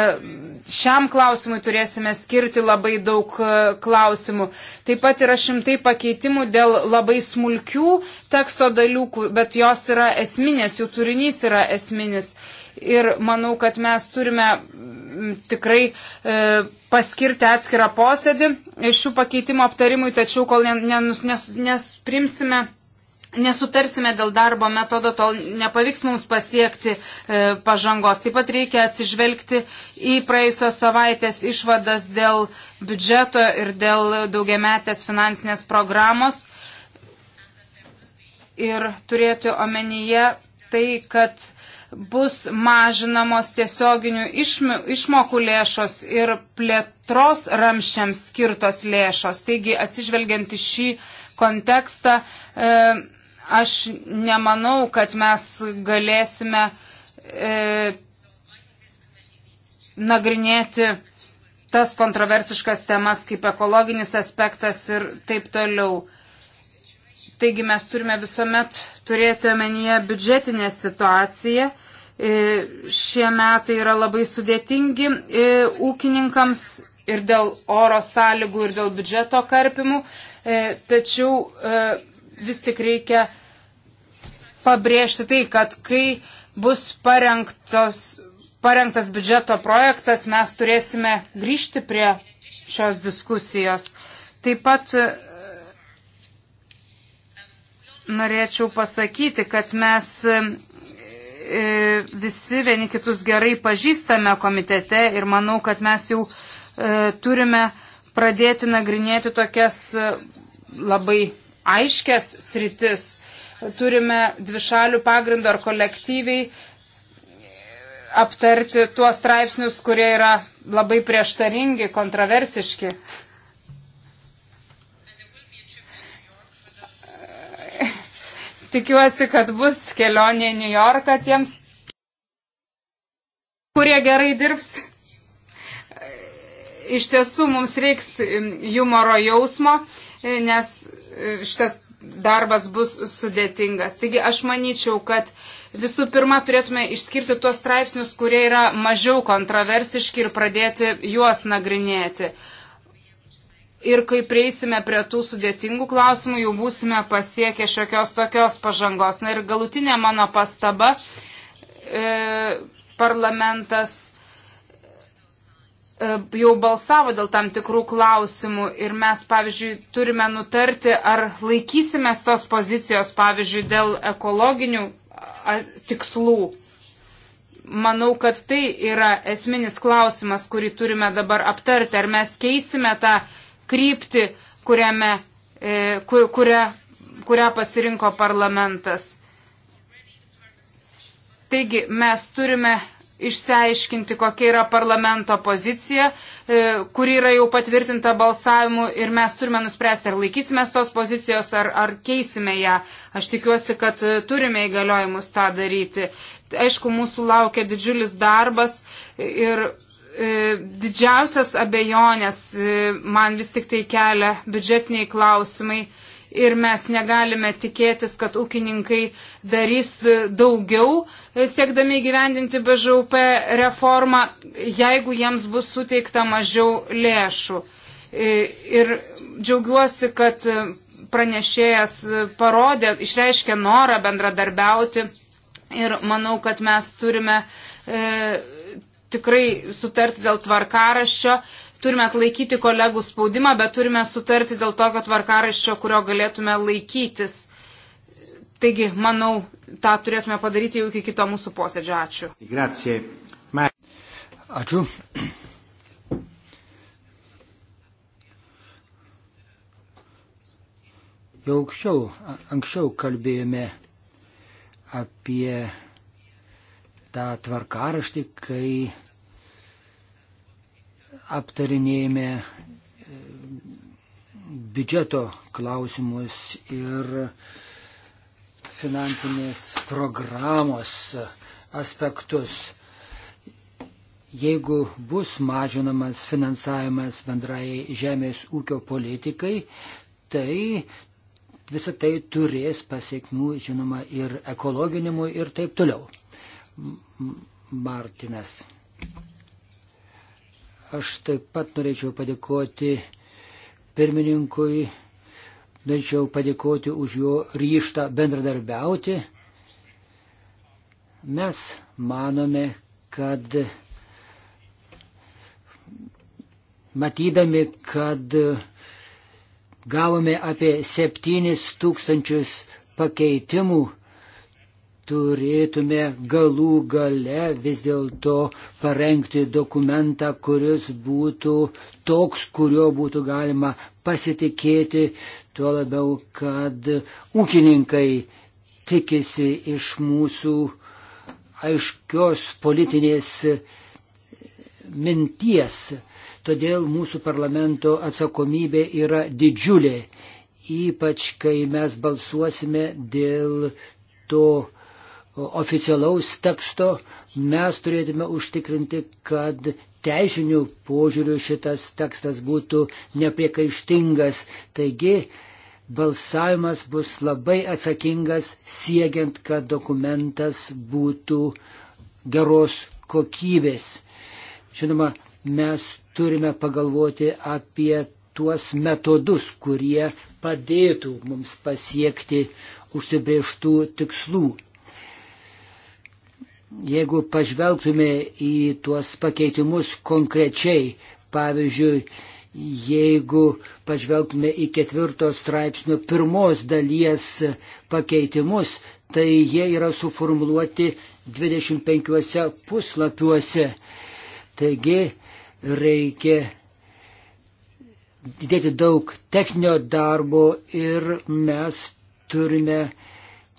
šiam klausimui turėsime skirti labai daug e, klausimų. Taip pat yra šimtai pakeitimų dėl labai smulkių teksto dalių, bet jos yra esminės, jų turinys yra esminis. Ir manau, kad mes turime mm, tikrai e, paskirti atskirą posėdį šių pakeitimų aptarimui, tačiau kol nes, nes, nes primsime. Nes nesutarsime dėl darbo metodo, tol nepavyks mums pasiekti e, pažangos. Taip pat reikia atsižvelgti į praėjusios savaitės išvadas dėl biudžeto ir dėl daugiametės finansinės programos ir turėti omenyje tai, kad bus mažinamos tiesioginių išmokų lėšos ir plėtros ramšiams skirtos lėšos. Taigi, atsižvelgiant į šį kontekstą, e, Aš nemanau, kad mes galėsime e, nagrinėti tas kontroversiškas temas kaip ekologinis aspektas ir taip toliau. Taigi mes turime visuomet turėti omenyje biudžetinę situaciją. E, šie metai yra labai sudėtingi e, ūkininkams ir dėl oro sąlygų, ir dėl biudžeto karpimų. E, tačiau vis tik reikia pabrėžti tai, kad kai bus parengtos, parengtas biudžeto projektas, mes turėsime grįžti prie šios diskusijos. Taip pat e, norėčiau pasakyti, kad mes e, e, visi vieni kitus gerai pažįstame komitete ir manau, kad mes jau turime pradėti nagrinėti tokias labai aiškias sritis, turime dvišalių pagrindų ar kolektyviai aptarti tuos straipsnius, kurie yra labai prieštaringi, kontroversiški. Tikiuosi, kad bus kelionė į New Yorką tiems, kurie gerai dirbs iš tiesų mums reiks humoro jausmo, e, nes e, šitas darbas bus sudėtingas. Taigi aš manyčiau, kad visų pirma turėtume išskirti tuos straipsnius, kurie yra mažiau kontroversiški ir pradėti juos nagrinėti. Ir kai prieisime prie tų sudėtingų klausimų, jau būsime pasiekę šiokios tokios pažangos. Na ir galutinė mano pastaba. E, parlamentas E, jau balsavo dėl tam tikrų klausimų ir mes, pavyzdžiui, turime nutarti, ar laikysimės tos pozicijos, pavyzdžiui, dėl ekologinių tikslų. Manau, kad tai yra esminis klausimas, kurį turime dabar aptarti. Ar mes keisime tą kryptį, kuriame, e, kur, kurią, kurią pasirinko parlamentas. Taigi mes turime išsiaiškinti, kokia yra parlamento pozicija, e, kuri yra jau patvirtinta balsavimu ir mes turime nuspręsti, ar laikysime tos pozicijos, ar, ar keisime ją. Aš tikiuosi, kad e, turime įgaliojimus tą daryti. Aišku, mūsų laukia didžiulis darbas ir e, didžiausias abejonės man vis tik tai kelia biudžetiniai klausimai ir mes negalime tikėtis, kad ūkininkai darys daugiau e, siekdami gyvendinti BŽUP reformą, jeigu jiems bus suteikta mažiau lėšų. E, ir džiaugiuosi, kad pranešėjas parodė, išreiškė norą bendradarbiauti ir manau, kad mes turime e, tikrai sutarti dėl tvarkaraščio turime atlaikyti kolegų spaudimą, bet turime sutarti dėl tokio tvarkaraščio, kurio galėtume laikytis. Taigi, manau, tą turėtume padaryti jau iki kito mūsų posėdžio. Ačiū. Grazie. Ačiū. Jau aukščiau, anksčiau kalbėjome apie tą tvarkaraštį, kai aptarinėjame e, biudžeto klausimus ir finansinės programos aspektus. Jeigu bus mažinamas finansavimas bendrai žemės ūkio politikai, tai visą tai turės pasiekmių, žinoma, ir ekologinimui ir taip toliau. Martinas. Aš taip pat norėčiau padėkoti pirmininkui, norėčiau padėkoti už jo ryštą bendradarbiauti. Mes manome, kad matydami, kad gavome apie 7 tūkstančius pakeitimų, turėtume galų gale vis dėlto parengti dokumentą, kuris būtų toks, kurio būtų galima pasitikėti, tuo labiau, kad ūkininkai tikisi iš mūsų aiškios politinės minties. Todėl mūsų parlamento atsakomybė yra didžiulė, ypač kai mes balsuosime dėl to oficialaus teksto, mes turėtume užtikrinti, kad teisinių požiūrių šitas tekstas būtų nepriekaištingas. Taigi balsavimas bus labai atsakingas, siekiant, kad dokumentas būtų geros kokybės. Žinoma, mes turime pagalvoti apie tuos metodus, kurie padėtų mums pasiekti užsibrieštų tikslų. Jeigu pažvelgtume į tuos pakeitimus konkrečiai, pavyzdžiui, jeigu pažvelgtume į ketvirtos straipsnio pirmos dalies pakeitimus, tai jie yra suformuluoti 25 puslapiuose. Taigi reikia didėti daug techninio darbo ir mes turime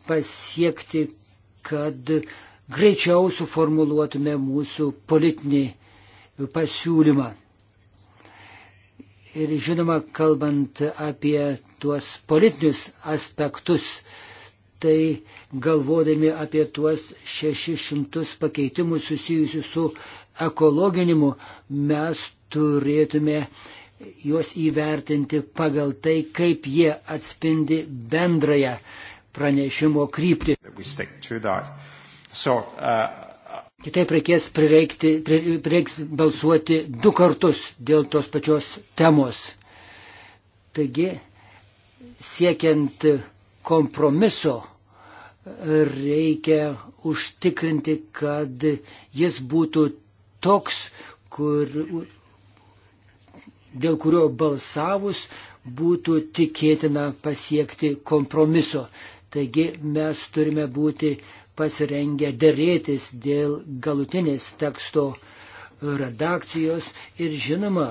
pasiekti, kad greičiau suformuluotume mūsų politinį pasiūlymą. Ir žinoma, kalbant apie tuos politinius aspektus, tai galvodami apie tuos 600 pakeitimus susijusius su ekologinimu, mes turėtume juos įvertinti pagal tai, kaip jie atspindi bendrąją pranešimo kryptį. So, uh, Kitaip reikės prireikti, prireiks balsuoti du kartus dėl tos pačios temos. Taigi, siekiant kompromiso, reikia užtikrinti, kad jis būtų toks, kur, dėl kurio balsavus būtų tikėtina pasiekti kompromiso. Taigi mes turime būti pasirengę dėrėtis dėl galutinės teksto redakcijos ir žinoma,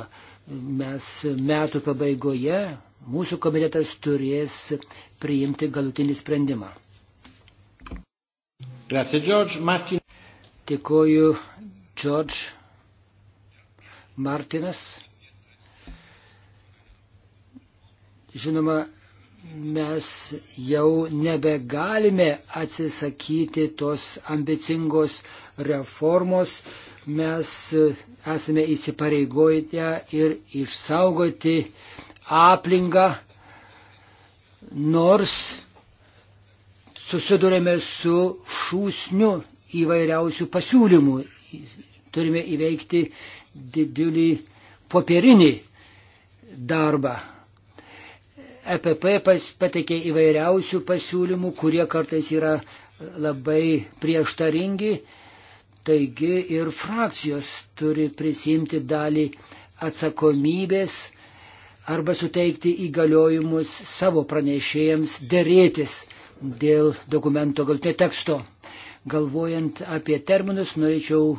mes metų pabaigoje mūsų komitetas turės priimti galutinį sprendimą. Grazie, George. Martin. Tikoju, George. Martinas. Žinoma, mes jau nebegalime atsisakyti tos ambicingos reformos, mes esame įsipareigoję ir išsaugoti aplinką, nors susidurėme su šūsniu įvairiausių pasiūlymų. Turime įveikti didžiulį popierinį darbą. EPP pateikė įvairiausių pasiūlymų, kurie kartais yra e, labai prieštaringi, taigi ir frakcijos turi prisimti dalį atsakomybės arba suteikti įgaliojimus savo pranešėjams dėrėtis dėl dokumento galtinio teksto. Galvojant apie terminus, norėčiau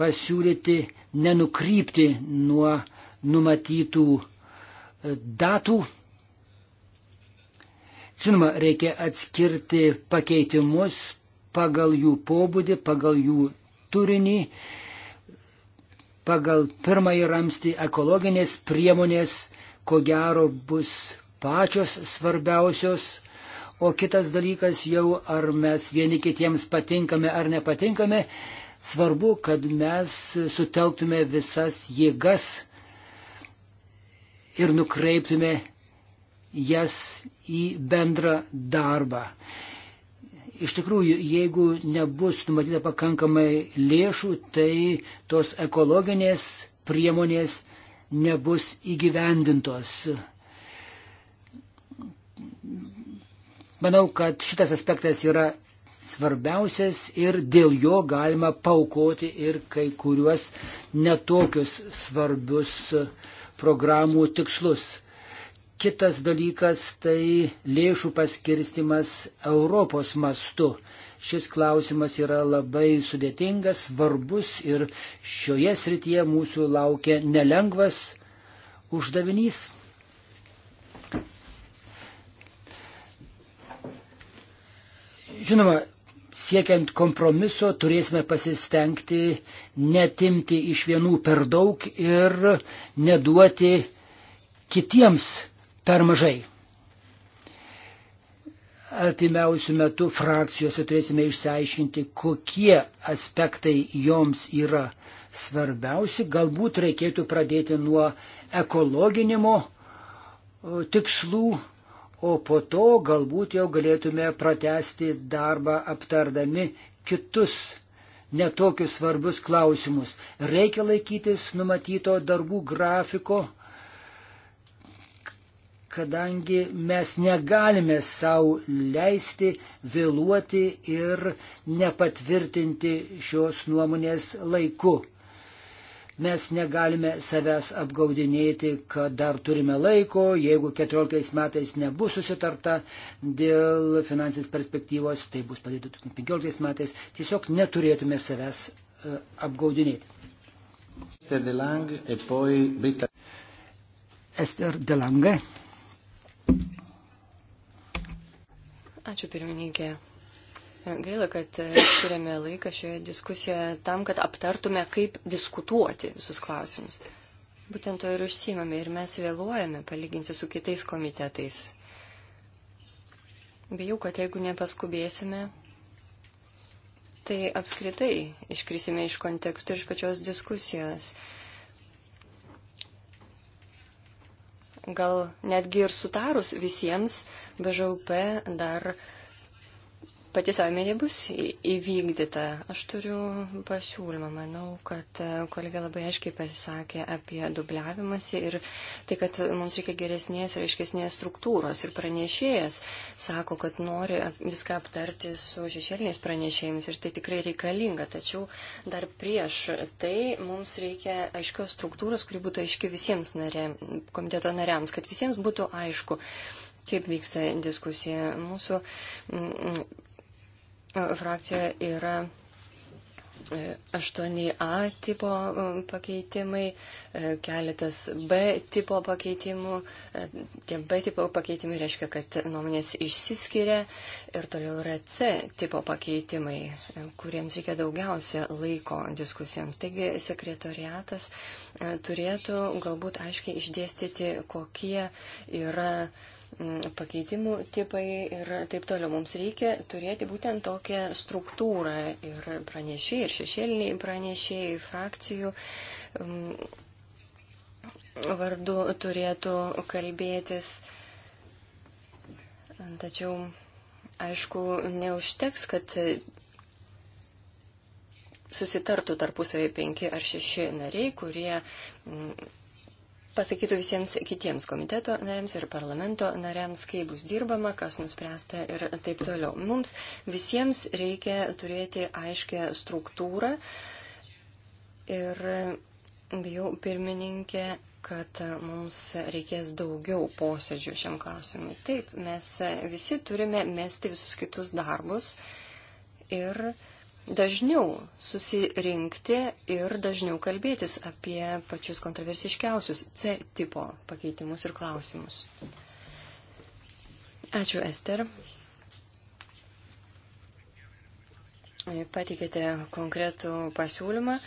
pasiūlyti nenukrypti nuo numatytų e, datų Žinoma, reikia atskirti pakeitimus pagal jų pobūdį, pagal jų turinį, pagal pirmąjį ramstį ekologinės priemonės, ko gero bus pačios svarbiausios, o kitas dalykas jau ar mes vieni kitiems patinkame ar nepatinkame, svarbu, kad mes sutelktume visas jėgas ir nukreiptume jas į bendrą darbą. Iš tikrųjų, jeigu nebus numatyta pakankamai lėšų, tai tos ekologinės priemonės nebus įgyvendintos. Manau, kad šitas aspektas yra svarbiausias ir dėl jo galima paukoti ir kai kuriuos netokius svarbius programų tikslus. Kitas dalykas tai lėšų paskirstimas Europos mastu. Šis klausimas yra labai sudėtingas, svarbus ir šioje srityje mūsų laukia nelengvas uždavinys. Žinoma, siekiant kompromiso turėsime pasistengti netimti iš vienų per daug ir neduoti kitiems per mažai. Atimiausių metų frakcijose turėsime išsiaiškinti, kokie aspektai joms yra svarbiausi. Galbūt reikėtų pradėti nuo ekologinimo e, tikslų, o po to galbūt jau galėtume pratesti darbą aptardami kitus netokius svarbius klausimus. Reikia laikytis numatyto darbų grafiko kadangi mes negalime savo leisti vėluoti ir nepatvirtinti šios nuomonės laiku. Mes negalime savęs apgaudinėti, kad dar turime laiko, jeigu 14 metais nebus susitarta dėl finansinės perspektyvos, tai bus padėta 15 metais, tiesiog neturėtume savęs e, apgaudinėti. Ester Delange. E Ačiū pirmininkė. Gaila, kad skiriame laiką šioje diskusijoje tam, kad aptartume, kaip diskutuoti visus klausimus. Būtent to ir užsimame ir mes vėluojame palyginti su kitais komitetais. Bijau, kad jeigu nepaskubėsime, tai apskritai iškrisime iš konteksto ir iš pačios diskusijos. gal netgi ir sutarus visiems BŽUP dar pati savime nebus įvykdyta. Aš turiu pasiūlymą. Manau, kad e, kolega labai aiškiai pasisakė apie dubliavimąsi ir tai, kad mums reikia geresnės ir aiškesnės struktūros. Ir pranešėjas sako, kad nori viską aptarti su šešėliniais pranešėjimais ir tai tikrai reikalinga. Tačiau dar prieš tai mums reikia aiškios struktūros, kuri būtų aiški visiems narė, komiteto nariams, kad visiems būtų aišku kaip vyksta diskusija. Mūsų frakcijoje yra 8A e, tipo pakeitimai, e, keletas B tipo pakeitimų. E, tie B tipo pakeitimai reiškia, kad nuomonės išsiskiria ir toliau yra C tipo pakeitimai, kuriems reikia daugiausia laiko diskusijoms. Taigi sekretoriatas turėtų galbūt aiškiai išdėstyti, kokie yra Mm, pakeitimų tipai ir taip toliau. Mums reikia turėti būtent tokią struktūrą ir pranešėjai, ir šešėliniai pranešėjai, frakcijų mm, vardu turėtų kalbėtis. Tačiau, aišku, neužteks, kad susitartų tarpusavį penki ar šeši nariai, kurie mm, pasakytų visiems kitiems komiteto nariams ir parlamento nariams, kaip bus dirbama, kas nuspręsta ir taip toliau. Mums visiems reikia turėti aiškę struktūrą ir bijau pirmininkė, kad mums reikės daugiau posėdžių šiam klausimui. Taip, mes visi turime mesti visus kitus darbus ir uh, dažniau susirinkti ir dažniau kalbėtis apie pačius kontroversiškiausius C tipo pakeitimus ir klausimus. Ačiū, Ester. Pateikėte konkretų pasiūlymą.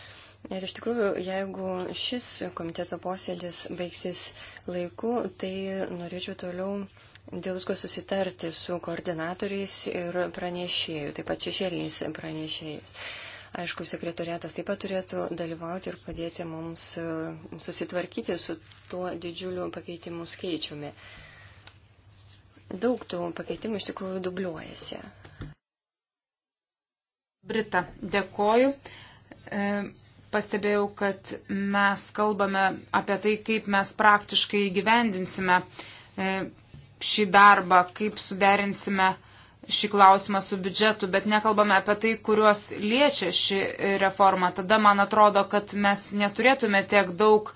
Ir iš tikrųjų, jeigu šis komiteto posėdis baigsis laiku, tai norėčiau toliau dėl visko susitarti su koordinatoriais ir pranešėjų, taip pat šešėliniais pranešėjais. Aišku, sekretoriatas taip pat turėtų dalyvauti ir padėti mums e, susitvarkyti su tuo didžiuliu pakeitimų skaičiumi. Daug tų pakeitimų iš tikrųjų dubliuojasi. Brita, dėkoju. E pastebėjau, kad mes kalbame apie tai, kaip mes praktiškai gyvendinsime e, šį darbą, kaip suderinsime šį klausimą su biudžetu, bet nekalbame apie tai, kuriuos liečia ši reforma. Tada man atrodo, kad mes neturėtume tiek daug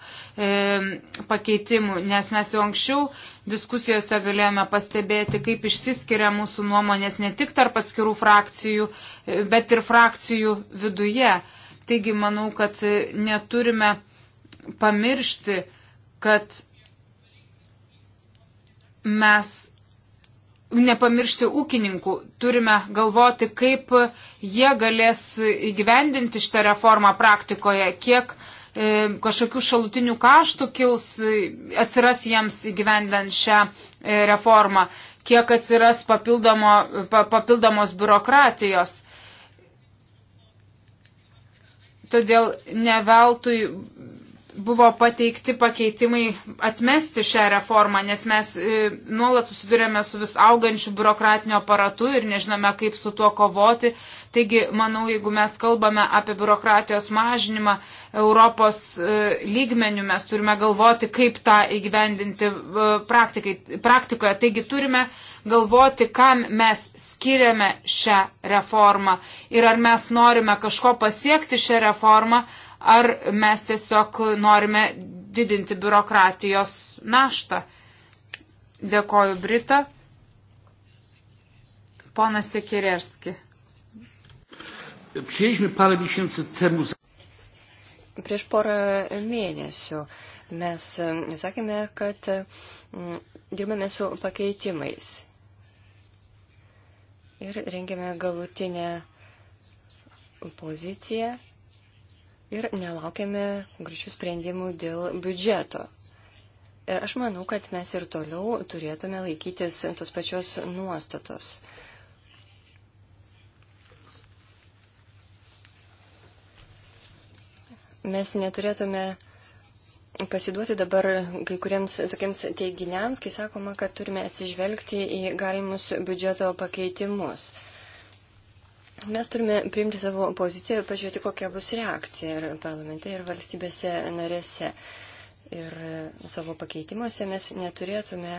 e, pakeitimų, nes mes jau anksčiau diskusijose galėjome pastebėti, kaip išsiskiria mūsų nuomonės ne tik tarp atskirų frakcijų, e, bet ir frakcijų viduje. Taigi manau, kad e, neturime pamiršti, kad mes nepamiršti ūkininkų, turime galvoti, kaip jie galės įgyvendinti šitą reformą praktikoje, kiek e, kažkokių šalutinių kaštų kils, e, atsiras jiems įgyvendant šią e, reformą, kiek atsiras papildomo, pa, papildomos biurokratijos. Todėl neveltui buvo pateikti pakeitimai atmesti šią reformą, nes mes e, nuolat susidurėme su vis augančiu biurokratiniu aparatu ir nežinome, kaip su tuo kovoti. Taigi, manau, jeigu mes kalbame apie biurokratijos mažinimą Europos e, lygmenių, mes turime galvoti, kaip tą įgyvendinti e, praktikoje. Taigi, turime galvoti, kam mes skiriame šią reformą ir ar mes norime kažko pasiekti šią reformą ar mes tiesiog norime didinti biurokratijos naštą. Dėkoju, Brita. Ponas Sekirerski. Prieš porą mėnesių mes sakėme, kad dirbame su pakeitimais ir rengėme galutinę poziciją ir nelaukiame grįžčių sprendimų dėl biudžeto. Ir aš manau, kad mes ir toliau turėtume laikytis tos pačios nuostatos. Mes neturėtume pasiduoti dabar kai kuriems tokiems teiginiams, kai sakoma, kad turime atsižvelgti į galimus biudžeto pakeitimus. Mes turime priimti savo poziciją ir pažiūrėti, kokia bus reakcija ir parlamente, ir valstybėse narėse. Ir savo pakeitimuose mes neturėtume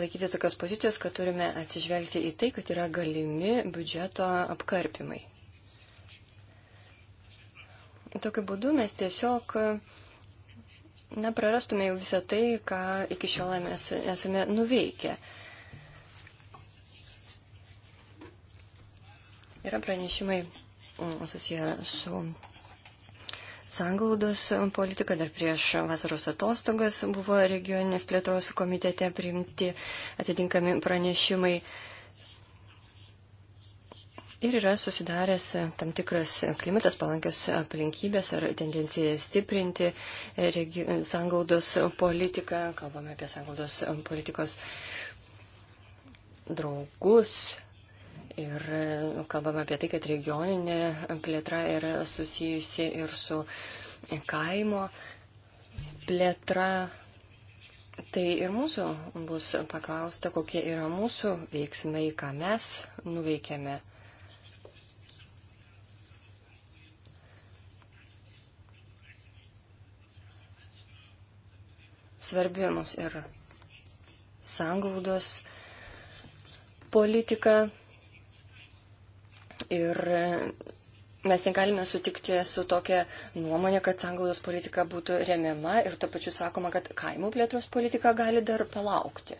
laikytis tokios pozicijos, kad turime atsižvelgti į tai, kad yra galimi biudžeto apkarpimai. Tokiu būdu mes tiesiog na, prarastume jau visą tai, ką iki šiol mes esame nuveikę. Yra pranešimai mm, susiję su sanglaudos politika dar prieš vasaros atostogas buvo regioninės plėtros komitete priimti atitinkami pranešimai. Ir yra susidaręs tam tikras klimatas palankios aplinkybės ar tendencija stiprinti regi... sanglaudos politiką. Kalbame apie sanglaudos politikos draugus, Ir kalbame apie tai, kad regioninė plėtra yra susijusi ir su kaimo plėtra. Tai ir mūsų bus paklausta, kokie yra mūsų veiksmai, ką mes nuveikėme. Svarbi mums ir sanglaudos politika Ir e, mes negalime sutikti su tokia nuomonė, kad sanglaudos politika būtų remiama ir to pačiu sakoma, kad kaimų plėtros politika gali dar palaukti.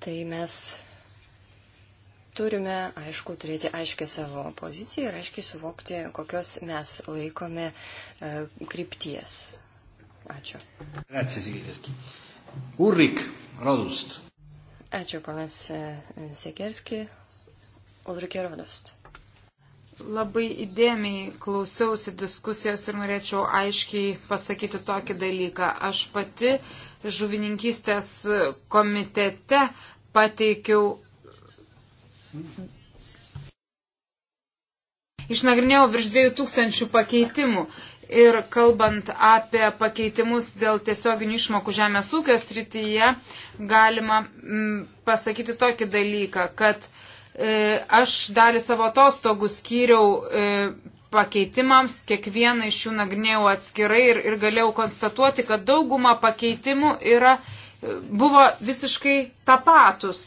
Tai mes turime, aišku, turėti aiškę savo poziciją ir aiškiai suvokti, kokios mes laikome e, krypties. Ačiū. Grazie, Sigirski. Ulrik Rodust. Ačiū, panas e, Sekerski, Ulrike Rodost. Labai įdėmiai klausiausi diskusijos ir norėčiau aiškiai pasakyti tokį dalyką. Aš pati žuvininkystės komitete pateikiau išnagrinėjau virš 2000 pakeitimų Ir kalbant apie pakeitimus dėl tiesioginių išmokų žemės ūkio srityje, galima m, mm, pasakyti tokį dalyką, kad e, aš dalį savo atostogų skyriau e, pakeitimams, kiekvieną iš jų nagrinėjau atskirai ir, ir galėjau konstatuoti, kad dauguma pakeitimų yra, e, buvo visiškai tapatus.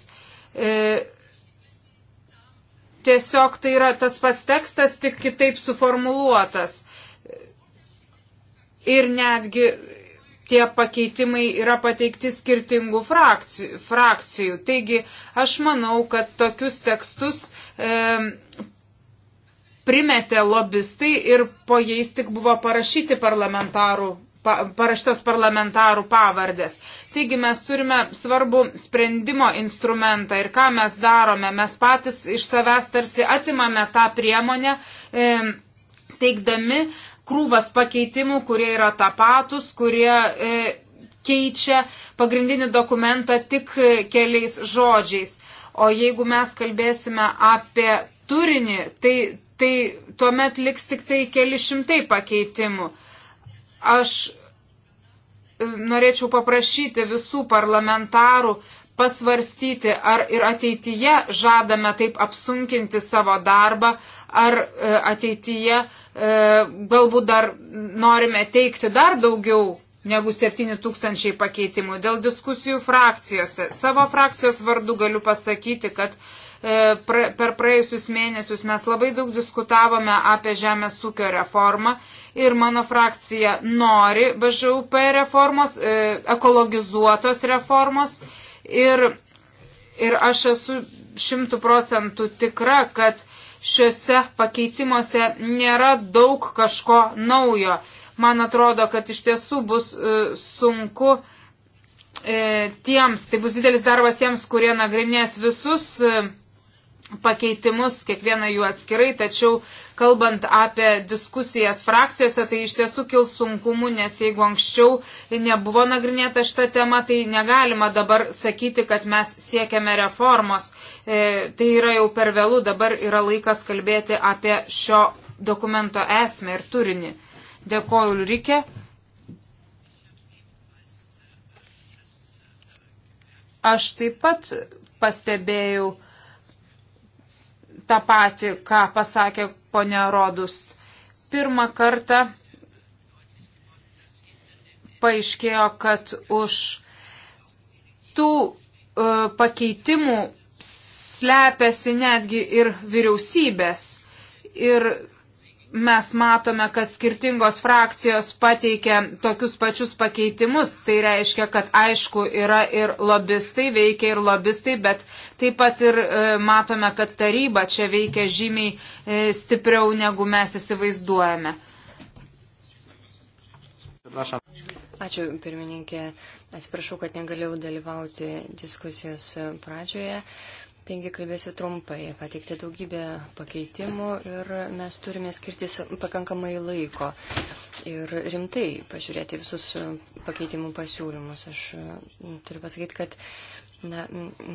E, tiesiog tai yra tas pats tekstas, tik kitaip suformuluotas ir netgi tie pakeitimai yra pateikti skirtingų frakcijų. frakcijų. Taigi aš manau, kad tokius tekstus e, primetė lobistai ir po jais tik buvo parašyti parlamentarų, pa, parašytos parlamentarų pavardės. Taigi mes turime svarbų sprendimo instrumentą ir ką mes darome. Mes patys iš savęs tarsi atimame tą priemonę. E, teikdami krūvas pakeitimų, kurie yra tapatus, kurie e, keičia pagrindinį dokumentą tik e, keliais žodžiais. O jeigu mes kalbėsime apie turinį, tai, tai tuomet liks tik tai keli šimtai pakeitimų. Aš e, norėčiau paprašyti visų parlamentarų pasvarstyti, ar ir ateityje žadame taip apsunkinti savo darbą, ar e, ateityje uh, E, galbūt dar norime teikti dar daugiau negu 7 tūkstančiai pakeitimų. Dėl diskusijų frakcijose. Savo frakcijos vardu galiu pasakyti, kad e, per praėjusius mėnesius mes labai daug diskutavome apie žemės ūkio reformą ir mano frakcija nori BŽUP reformos, e, ekologizuotos reformos ir, ir aš esu šimtų procentų tikra, kad šiuose pakeitimuose nėra daug kažko naujo. Man atrodo, kad iš tiesų bus e, sunku e, tiems, tai bus didelis darbas tiems, kurie nagrinės visus e, pakeitimus, kiekvieną jų atskirai, tačiau kalbant apie diskusijas frakcijose, tai iš tiesų kils sunkumų, nes jeigu anksčiau nebuvo nagrinėta šita tema, tai negalima dabar sakyti, kad mes siekiame reformos. E, tai yra jau per vėlų, dabar yra laikas kalbėti apie šio dokumento esmę ir turinį. Dėkoju, Ulrike. Aš taip pat pastebėjau, tą patį, ką pasakė ponia Rodust. Pirmą kartą paaiškėjo, kad už tų uh, pakeitimų slepiasi netgi ir vyriausybės. Ir mes matome, kad skirtingos frakcijos pateikia tokius pačius pakeitimus. Tai reiškia, kad aišku yra ir lobistai, veikia ir lobistai, bet taip pat ir e, matome, kad taryba čia veikia žymiai e, stipriau, negu mes įsivaizduojame. Ačiū, pirmininkė. Atsiprašau, kad negalėjau dalyvauti diskusijos pradžioje. E, Taigi kalbėsiu trumpai, pateikti daugybę pakeitimų ir mes turime skirti pakankamai laiko ir rimtai pažiūrėti visus e, pakeitimų pasiūlymus. Aš e, turiu pasakyti, kad na,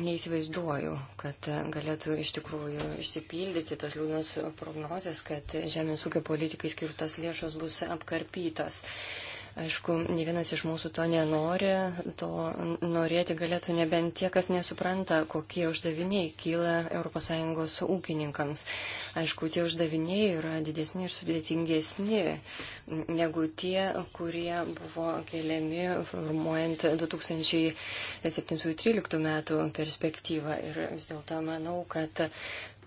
neįsivaizduoju, kad galėtų iš tikrųjų išsipildyti tos liūdnos prognozijas, kad žemės ūkio politikai skirtos lėšos bus apkarpytos. Aišku, ne vienas iš mūsų to nenori, to norėti galėtų nebent tie, kas nesupranta, kokie uždaviniai kyla ES ūkininkams. Aišku, tie uždaviniai yra didesni ir sudėtingesni negu tie, kurie buvo keliami formuojant 2007-2013 metų perspektyvą. Ir vis dėlto manau, kad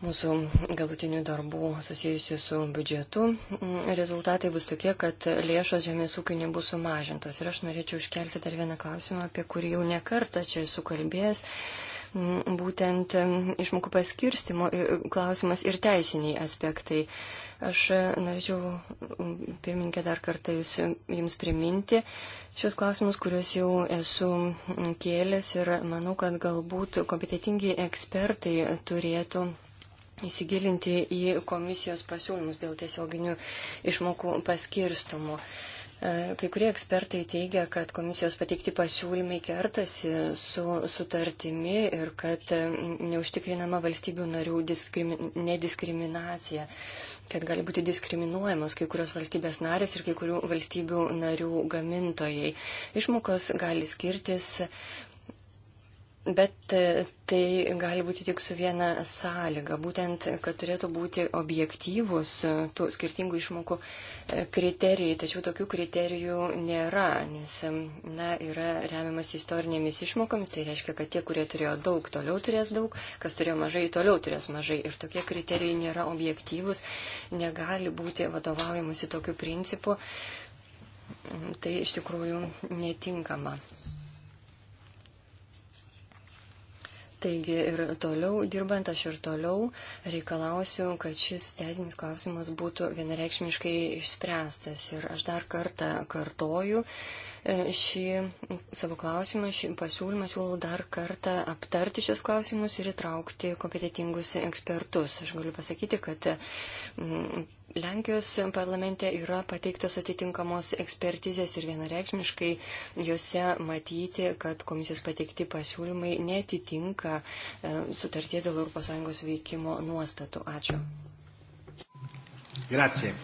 mūsų galutinių darbų susijusių su biudžetu rezultatai bus tokie, kad lėšos žemės ūkiui nebus sumažintos. Ir aš norėčiau iškelti dar vieną klausimą, apie kurį jau nekartą čia esu kalbėjęs. Būtent išmokų paskirstimo klausimas ir teisiniai aspektai. Aš norėčiau, pirmininkė, dar kartą jūs, jums priminti šios klausimus, kuriuos jau esu kėlęs ir manau, kad galbūt kompetitingi ekspertai turėtų įsigilinti į komisijos pasiūlymus dėl tiesioginių išmokų paskirstumų. E, kai kurie ekspertai teigia, kad komisijos pateikti pasiūlymai kertasi su sutartimi ir kad e, neužtikrinama valstybių narių diskrimi, nediskriminacija, kad gali būti diskriminuojamos kai kurios valstybės narės ir kai kurių valstybių narių gamintojai. Išmokos gali skirtis Bet e, tai gali būti tik su viena sąlyga, būtent, kad turėtų būti objektyvus e, tų skirtingų išmokų e, kriterijai, tačiau tokių kriterijų nėra, nes na, yra remiamas istorinėmis išmokomis, tai reiškia, kad tie, kurie turėjo daug, toliau turės daug, kas turėjo mažai, toliau turės mažai. Ir tokie kriterijai nėra objektyvus, negali būti vadovaujamasi tokiu principu, tai iš tikrųjų netinkama. Taigi ir toliau, dirbant aš ir toliau, reikalausiu, kad šis teisinis klausimas būtų vienareikšmiškai išspręstas. Ir aš dar kartą kartoju e, šį savo klausimą, šį pasiūlymą siūlau dar kartą aptarti šios klausimus ir įtraukti kompetitingus ekspertus. Aš galiu pasakyti, kad Lenkijos parlamente yra pateiktos atitinkamos ekspertizės ir vienareikšmiškai juose matyti, kad komisijos pateikti pasiūlymai netitinka e, sutarties dėl ES veikimo nuostatų. Ačiū. Grazie.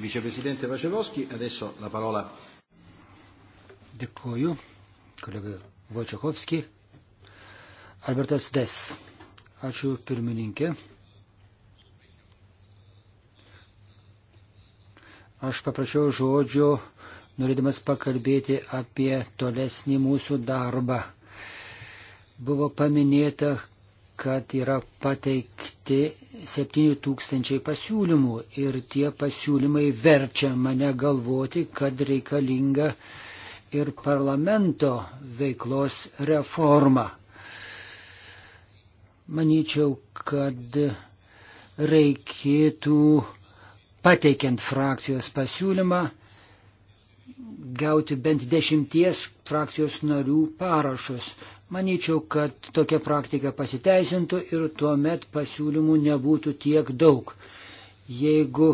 Viceprezidente Vacevoski, adesso la parola. Dėkuoju, kolega Vočiakovski. Albertas Des. Ačiū pirmininkė. Aš paprašiau žodžio, norėdamas pakalbėti apie tolesnį mūsų darbą. Buvo paminėta, kad yra pateikti 7000 pasiūlymų ir tie pasiūlymai verčia mane galvoti, kad reikalinga ir parlamento veiklos reforma. Manyčiau, kad reikėtų pateikiant frakcijos pasiūlymą gauti bent dešimties frakcijos narių parašus. Manyčiau, kad tokia praktika pasiteisintų ir tuo met pasiūlymų nebūtų tiek daug. Jeigu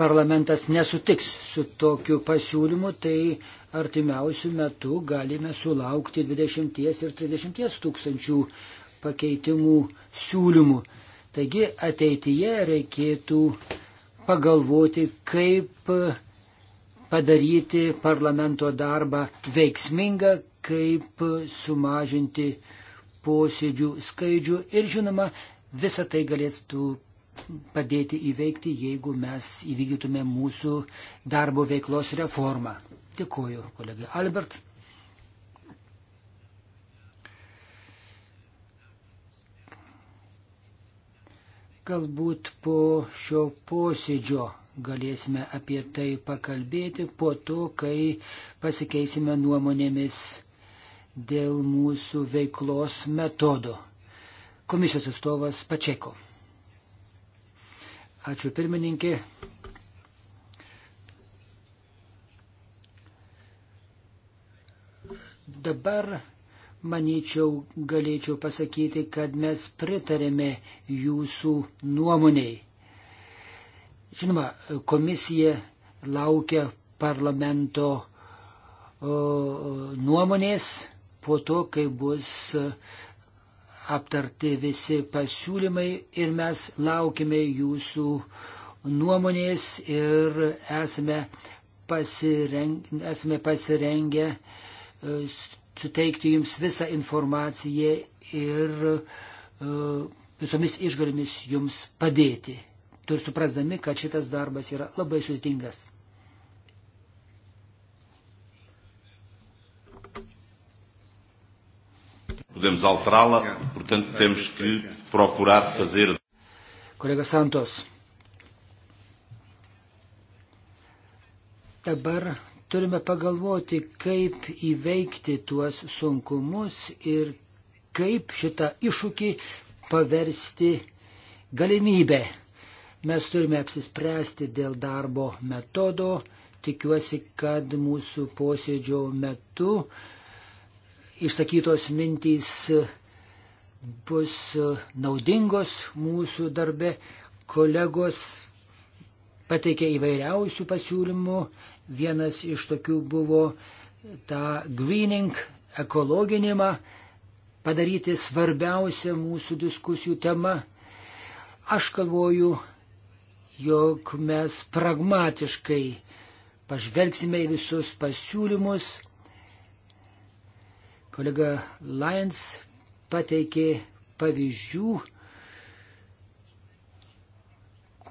parlamentas nesutiks su tokiu pasiūlymu, tai artimiausių metų galime sulaukti 20 ir 30 tūkstančių pakeitimų siūlymų. Taigi ateityje reikėtų pagalvoti, kaip padaryti parlamento darbą veiksmingą, kaip sumažinti posėdžių skaidžių ir žinoma, visą tai galėtų padėti įveikti, jeigu mes įvykdytume mūsų darbo veiklos reformą. Dėkuoju, kolegai Albert. Galbūt po šio posėdžio galėsime apie tai pakalbėti po to, kai pasikeisime nuomonėmis dėl mūsų veiklos metodo. Komisijos atstovas Pačeko. Ačiū pirmininkė. Dabar manyčiau, galėčiau pasakyti, kad mes pritarėme jūsų nuomoniai. Žinoma, komisija laukia parlamento o, nuomonės po to, kai bus e, aptarti visi pasiūlymai ir mes laukime jūsų nuomonės ir esame, pasireng, esame pasirengę e, suteikti jums visą informaciją ir e, visomis išgalimis jums padėti. Tu ir suprasdami, kad šitas darbas yra labai sudėtingas. Podemos alterá-la, portanto, temos que procurar fazer. Colega Santos. Dabar Turime pagalvoti, kaip įveikti tuos sunkumus ir kaip šitą iššūkį paversti galimybę. Mes turime apsispręsti dėl darbo metodo. Tikiuosi, kad mūsų posėdžio metu išsakytos mintys bus naudingos mūsų darbe. Kolegos pateikė įvairiausių pasiūlymų Vienas iš tokių buvo tą greening, ekologinimą padaryti svarbiausia mūsų diskusijų tema. Aš galvoju, jog mes pragmatiškai pažvelgsime į visus pasiūlymus. Kolega Lions pateikė pavyzdžių,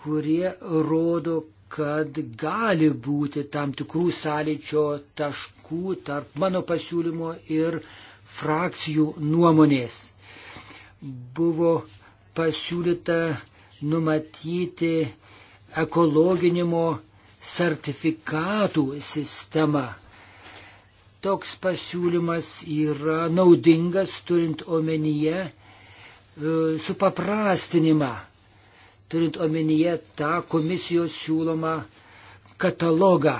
kurie rodo, kad gali būti tam tikrų sąlyčio taškų tarp mano pasiūlymo ir frakcijų nuomonės. Buvo pasiūlyta numatyti ekologinimo sertifikatų sistemą. Toks pasiūlymas yra naudingas turint omenyje e, supaprastinimą turint omenyje tą komisijos siūlomą katalogą,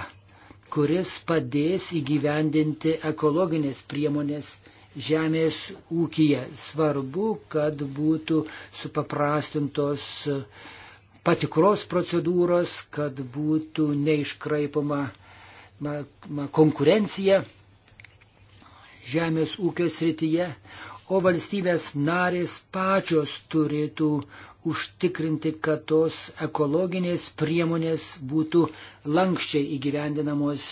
kuris padės įgyvendinti ekologinės priemonės žemės ūkyje. Svarbu, kad būtų supaprastintos patikros procedūros, kad būtų neiškraipama ma, ma, konkurencija žemės ūkio srityje, o valstybės narės pačios turėtų užtikrinti, kad tos ekologinės priemonės būtų lankščiai įgyvendinamos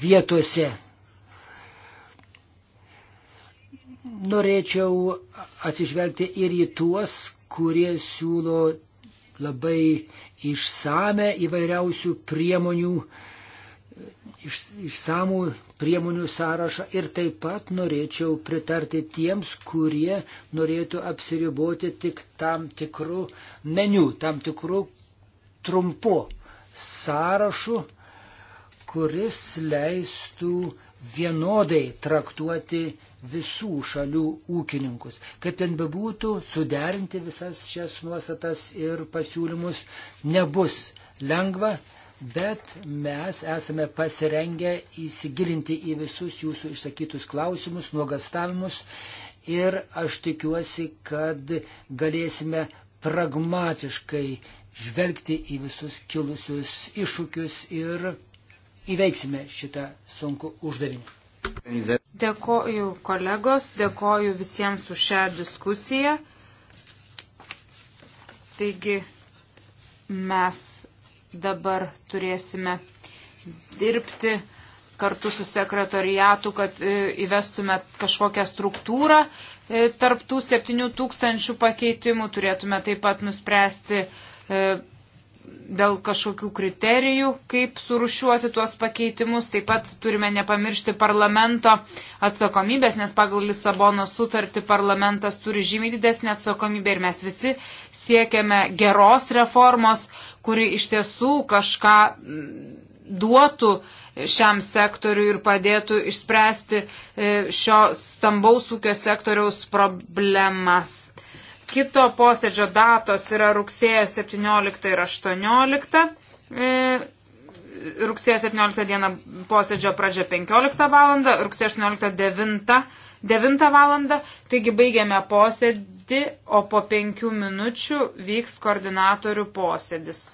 vietose. Norėčiau atsižvelgti ir į tuos, kurie siūlo labai išsame įvairiausių priemonių, iš, išsamų priemonių sąrašą ir taip pat norėčiau pritarti tiems, kurie norėtų apsiriboti tik tam tikrų meniu, tam tikrų trumpu sąrašu, kuris leistų vienodai traktuoti visų šalių ūkininkus. Kaip ten bebūtų, suderinti visas šias nuostatas ir pasiūlymus nebus lengva, bet mes esame pasirengę įsigilinti į visus jūsų išsakytus klausimus, nuogastavimus ir aš tikiuosi, kad galėsime pragmatiškai žvelgti į visus kilusius iššūkius ir įveiksime šitą sunku uždavinį. Dėkoju kolegos, dėkoju visiems už šią diskusiją. Taigi mes dabar turėsime dirbti kartu su sekretariatu, kad e, įvestume kažkokią struktūrą e, tarptų 7000 pakeitimų. Turėtume taip pat nuspręsti e, dėl kažkokių kriterijų, kaip surušiuoti tuos pakeitimus. Taip pat turime nepamiršti parlamento atsakomybės, nes pagal Lisabono sutartį parlamentas turi žymiai didesnį atsakomybę ir mes visi siekiame geros reformos, kuri iš tiesų kažką mm, duotų šiam sektoriui ir padėtų išspręsti e, šio stambaus ūkio sektoriaus problemas. Kito posėdžio datos yra rugsėjo 17 ir 18. E, rugsėjo 17 dieną posėdžio pradžia 15 val. Rugsėjo 18 9, 9 val. Taigi baigiame posėdį, o po 5 minučių vyks koordinatorių posėdis.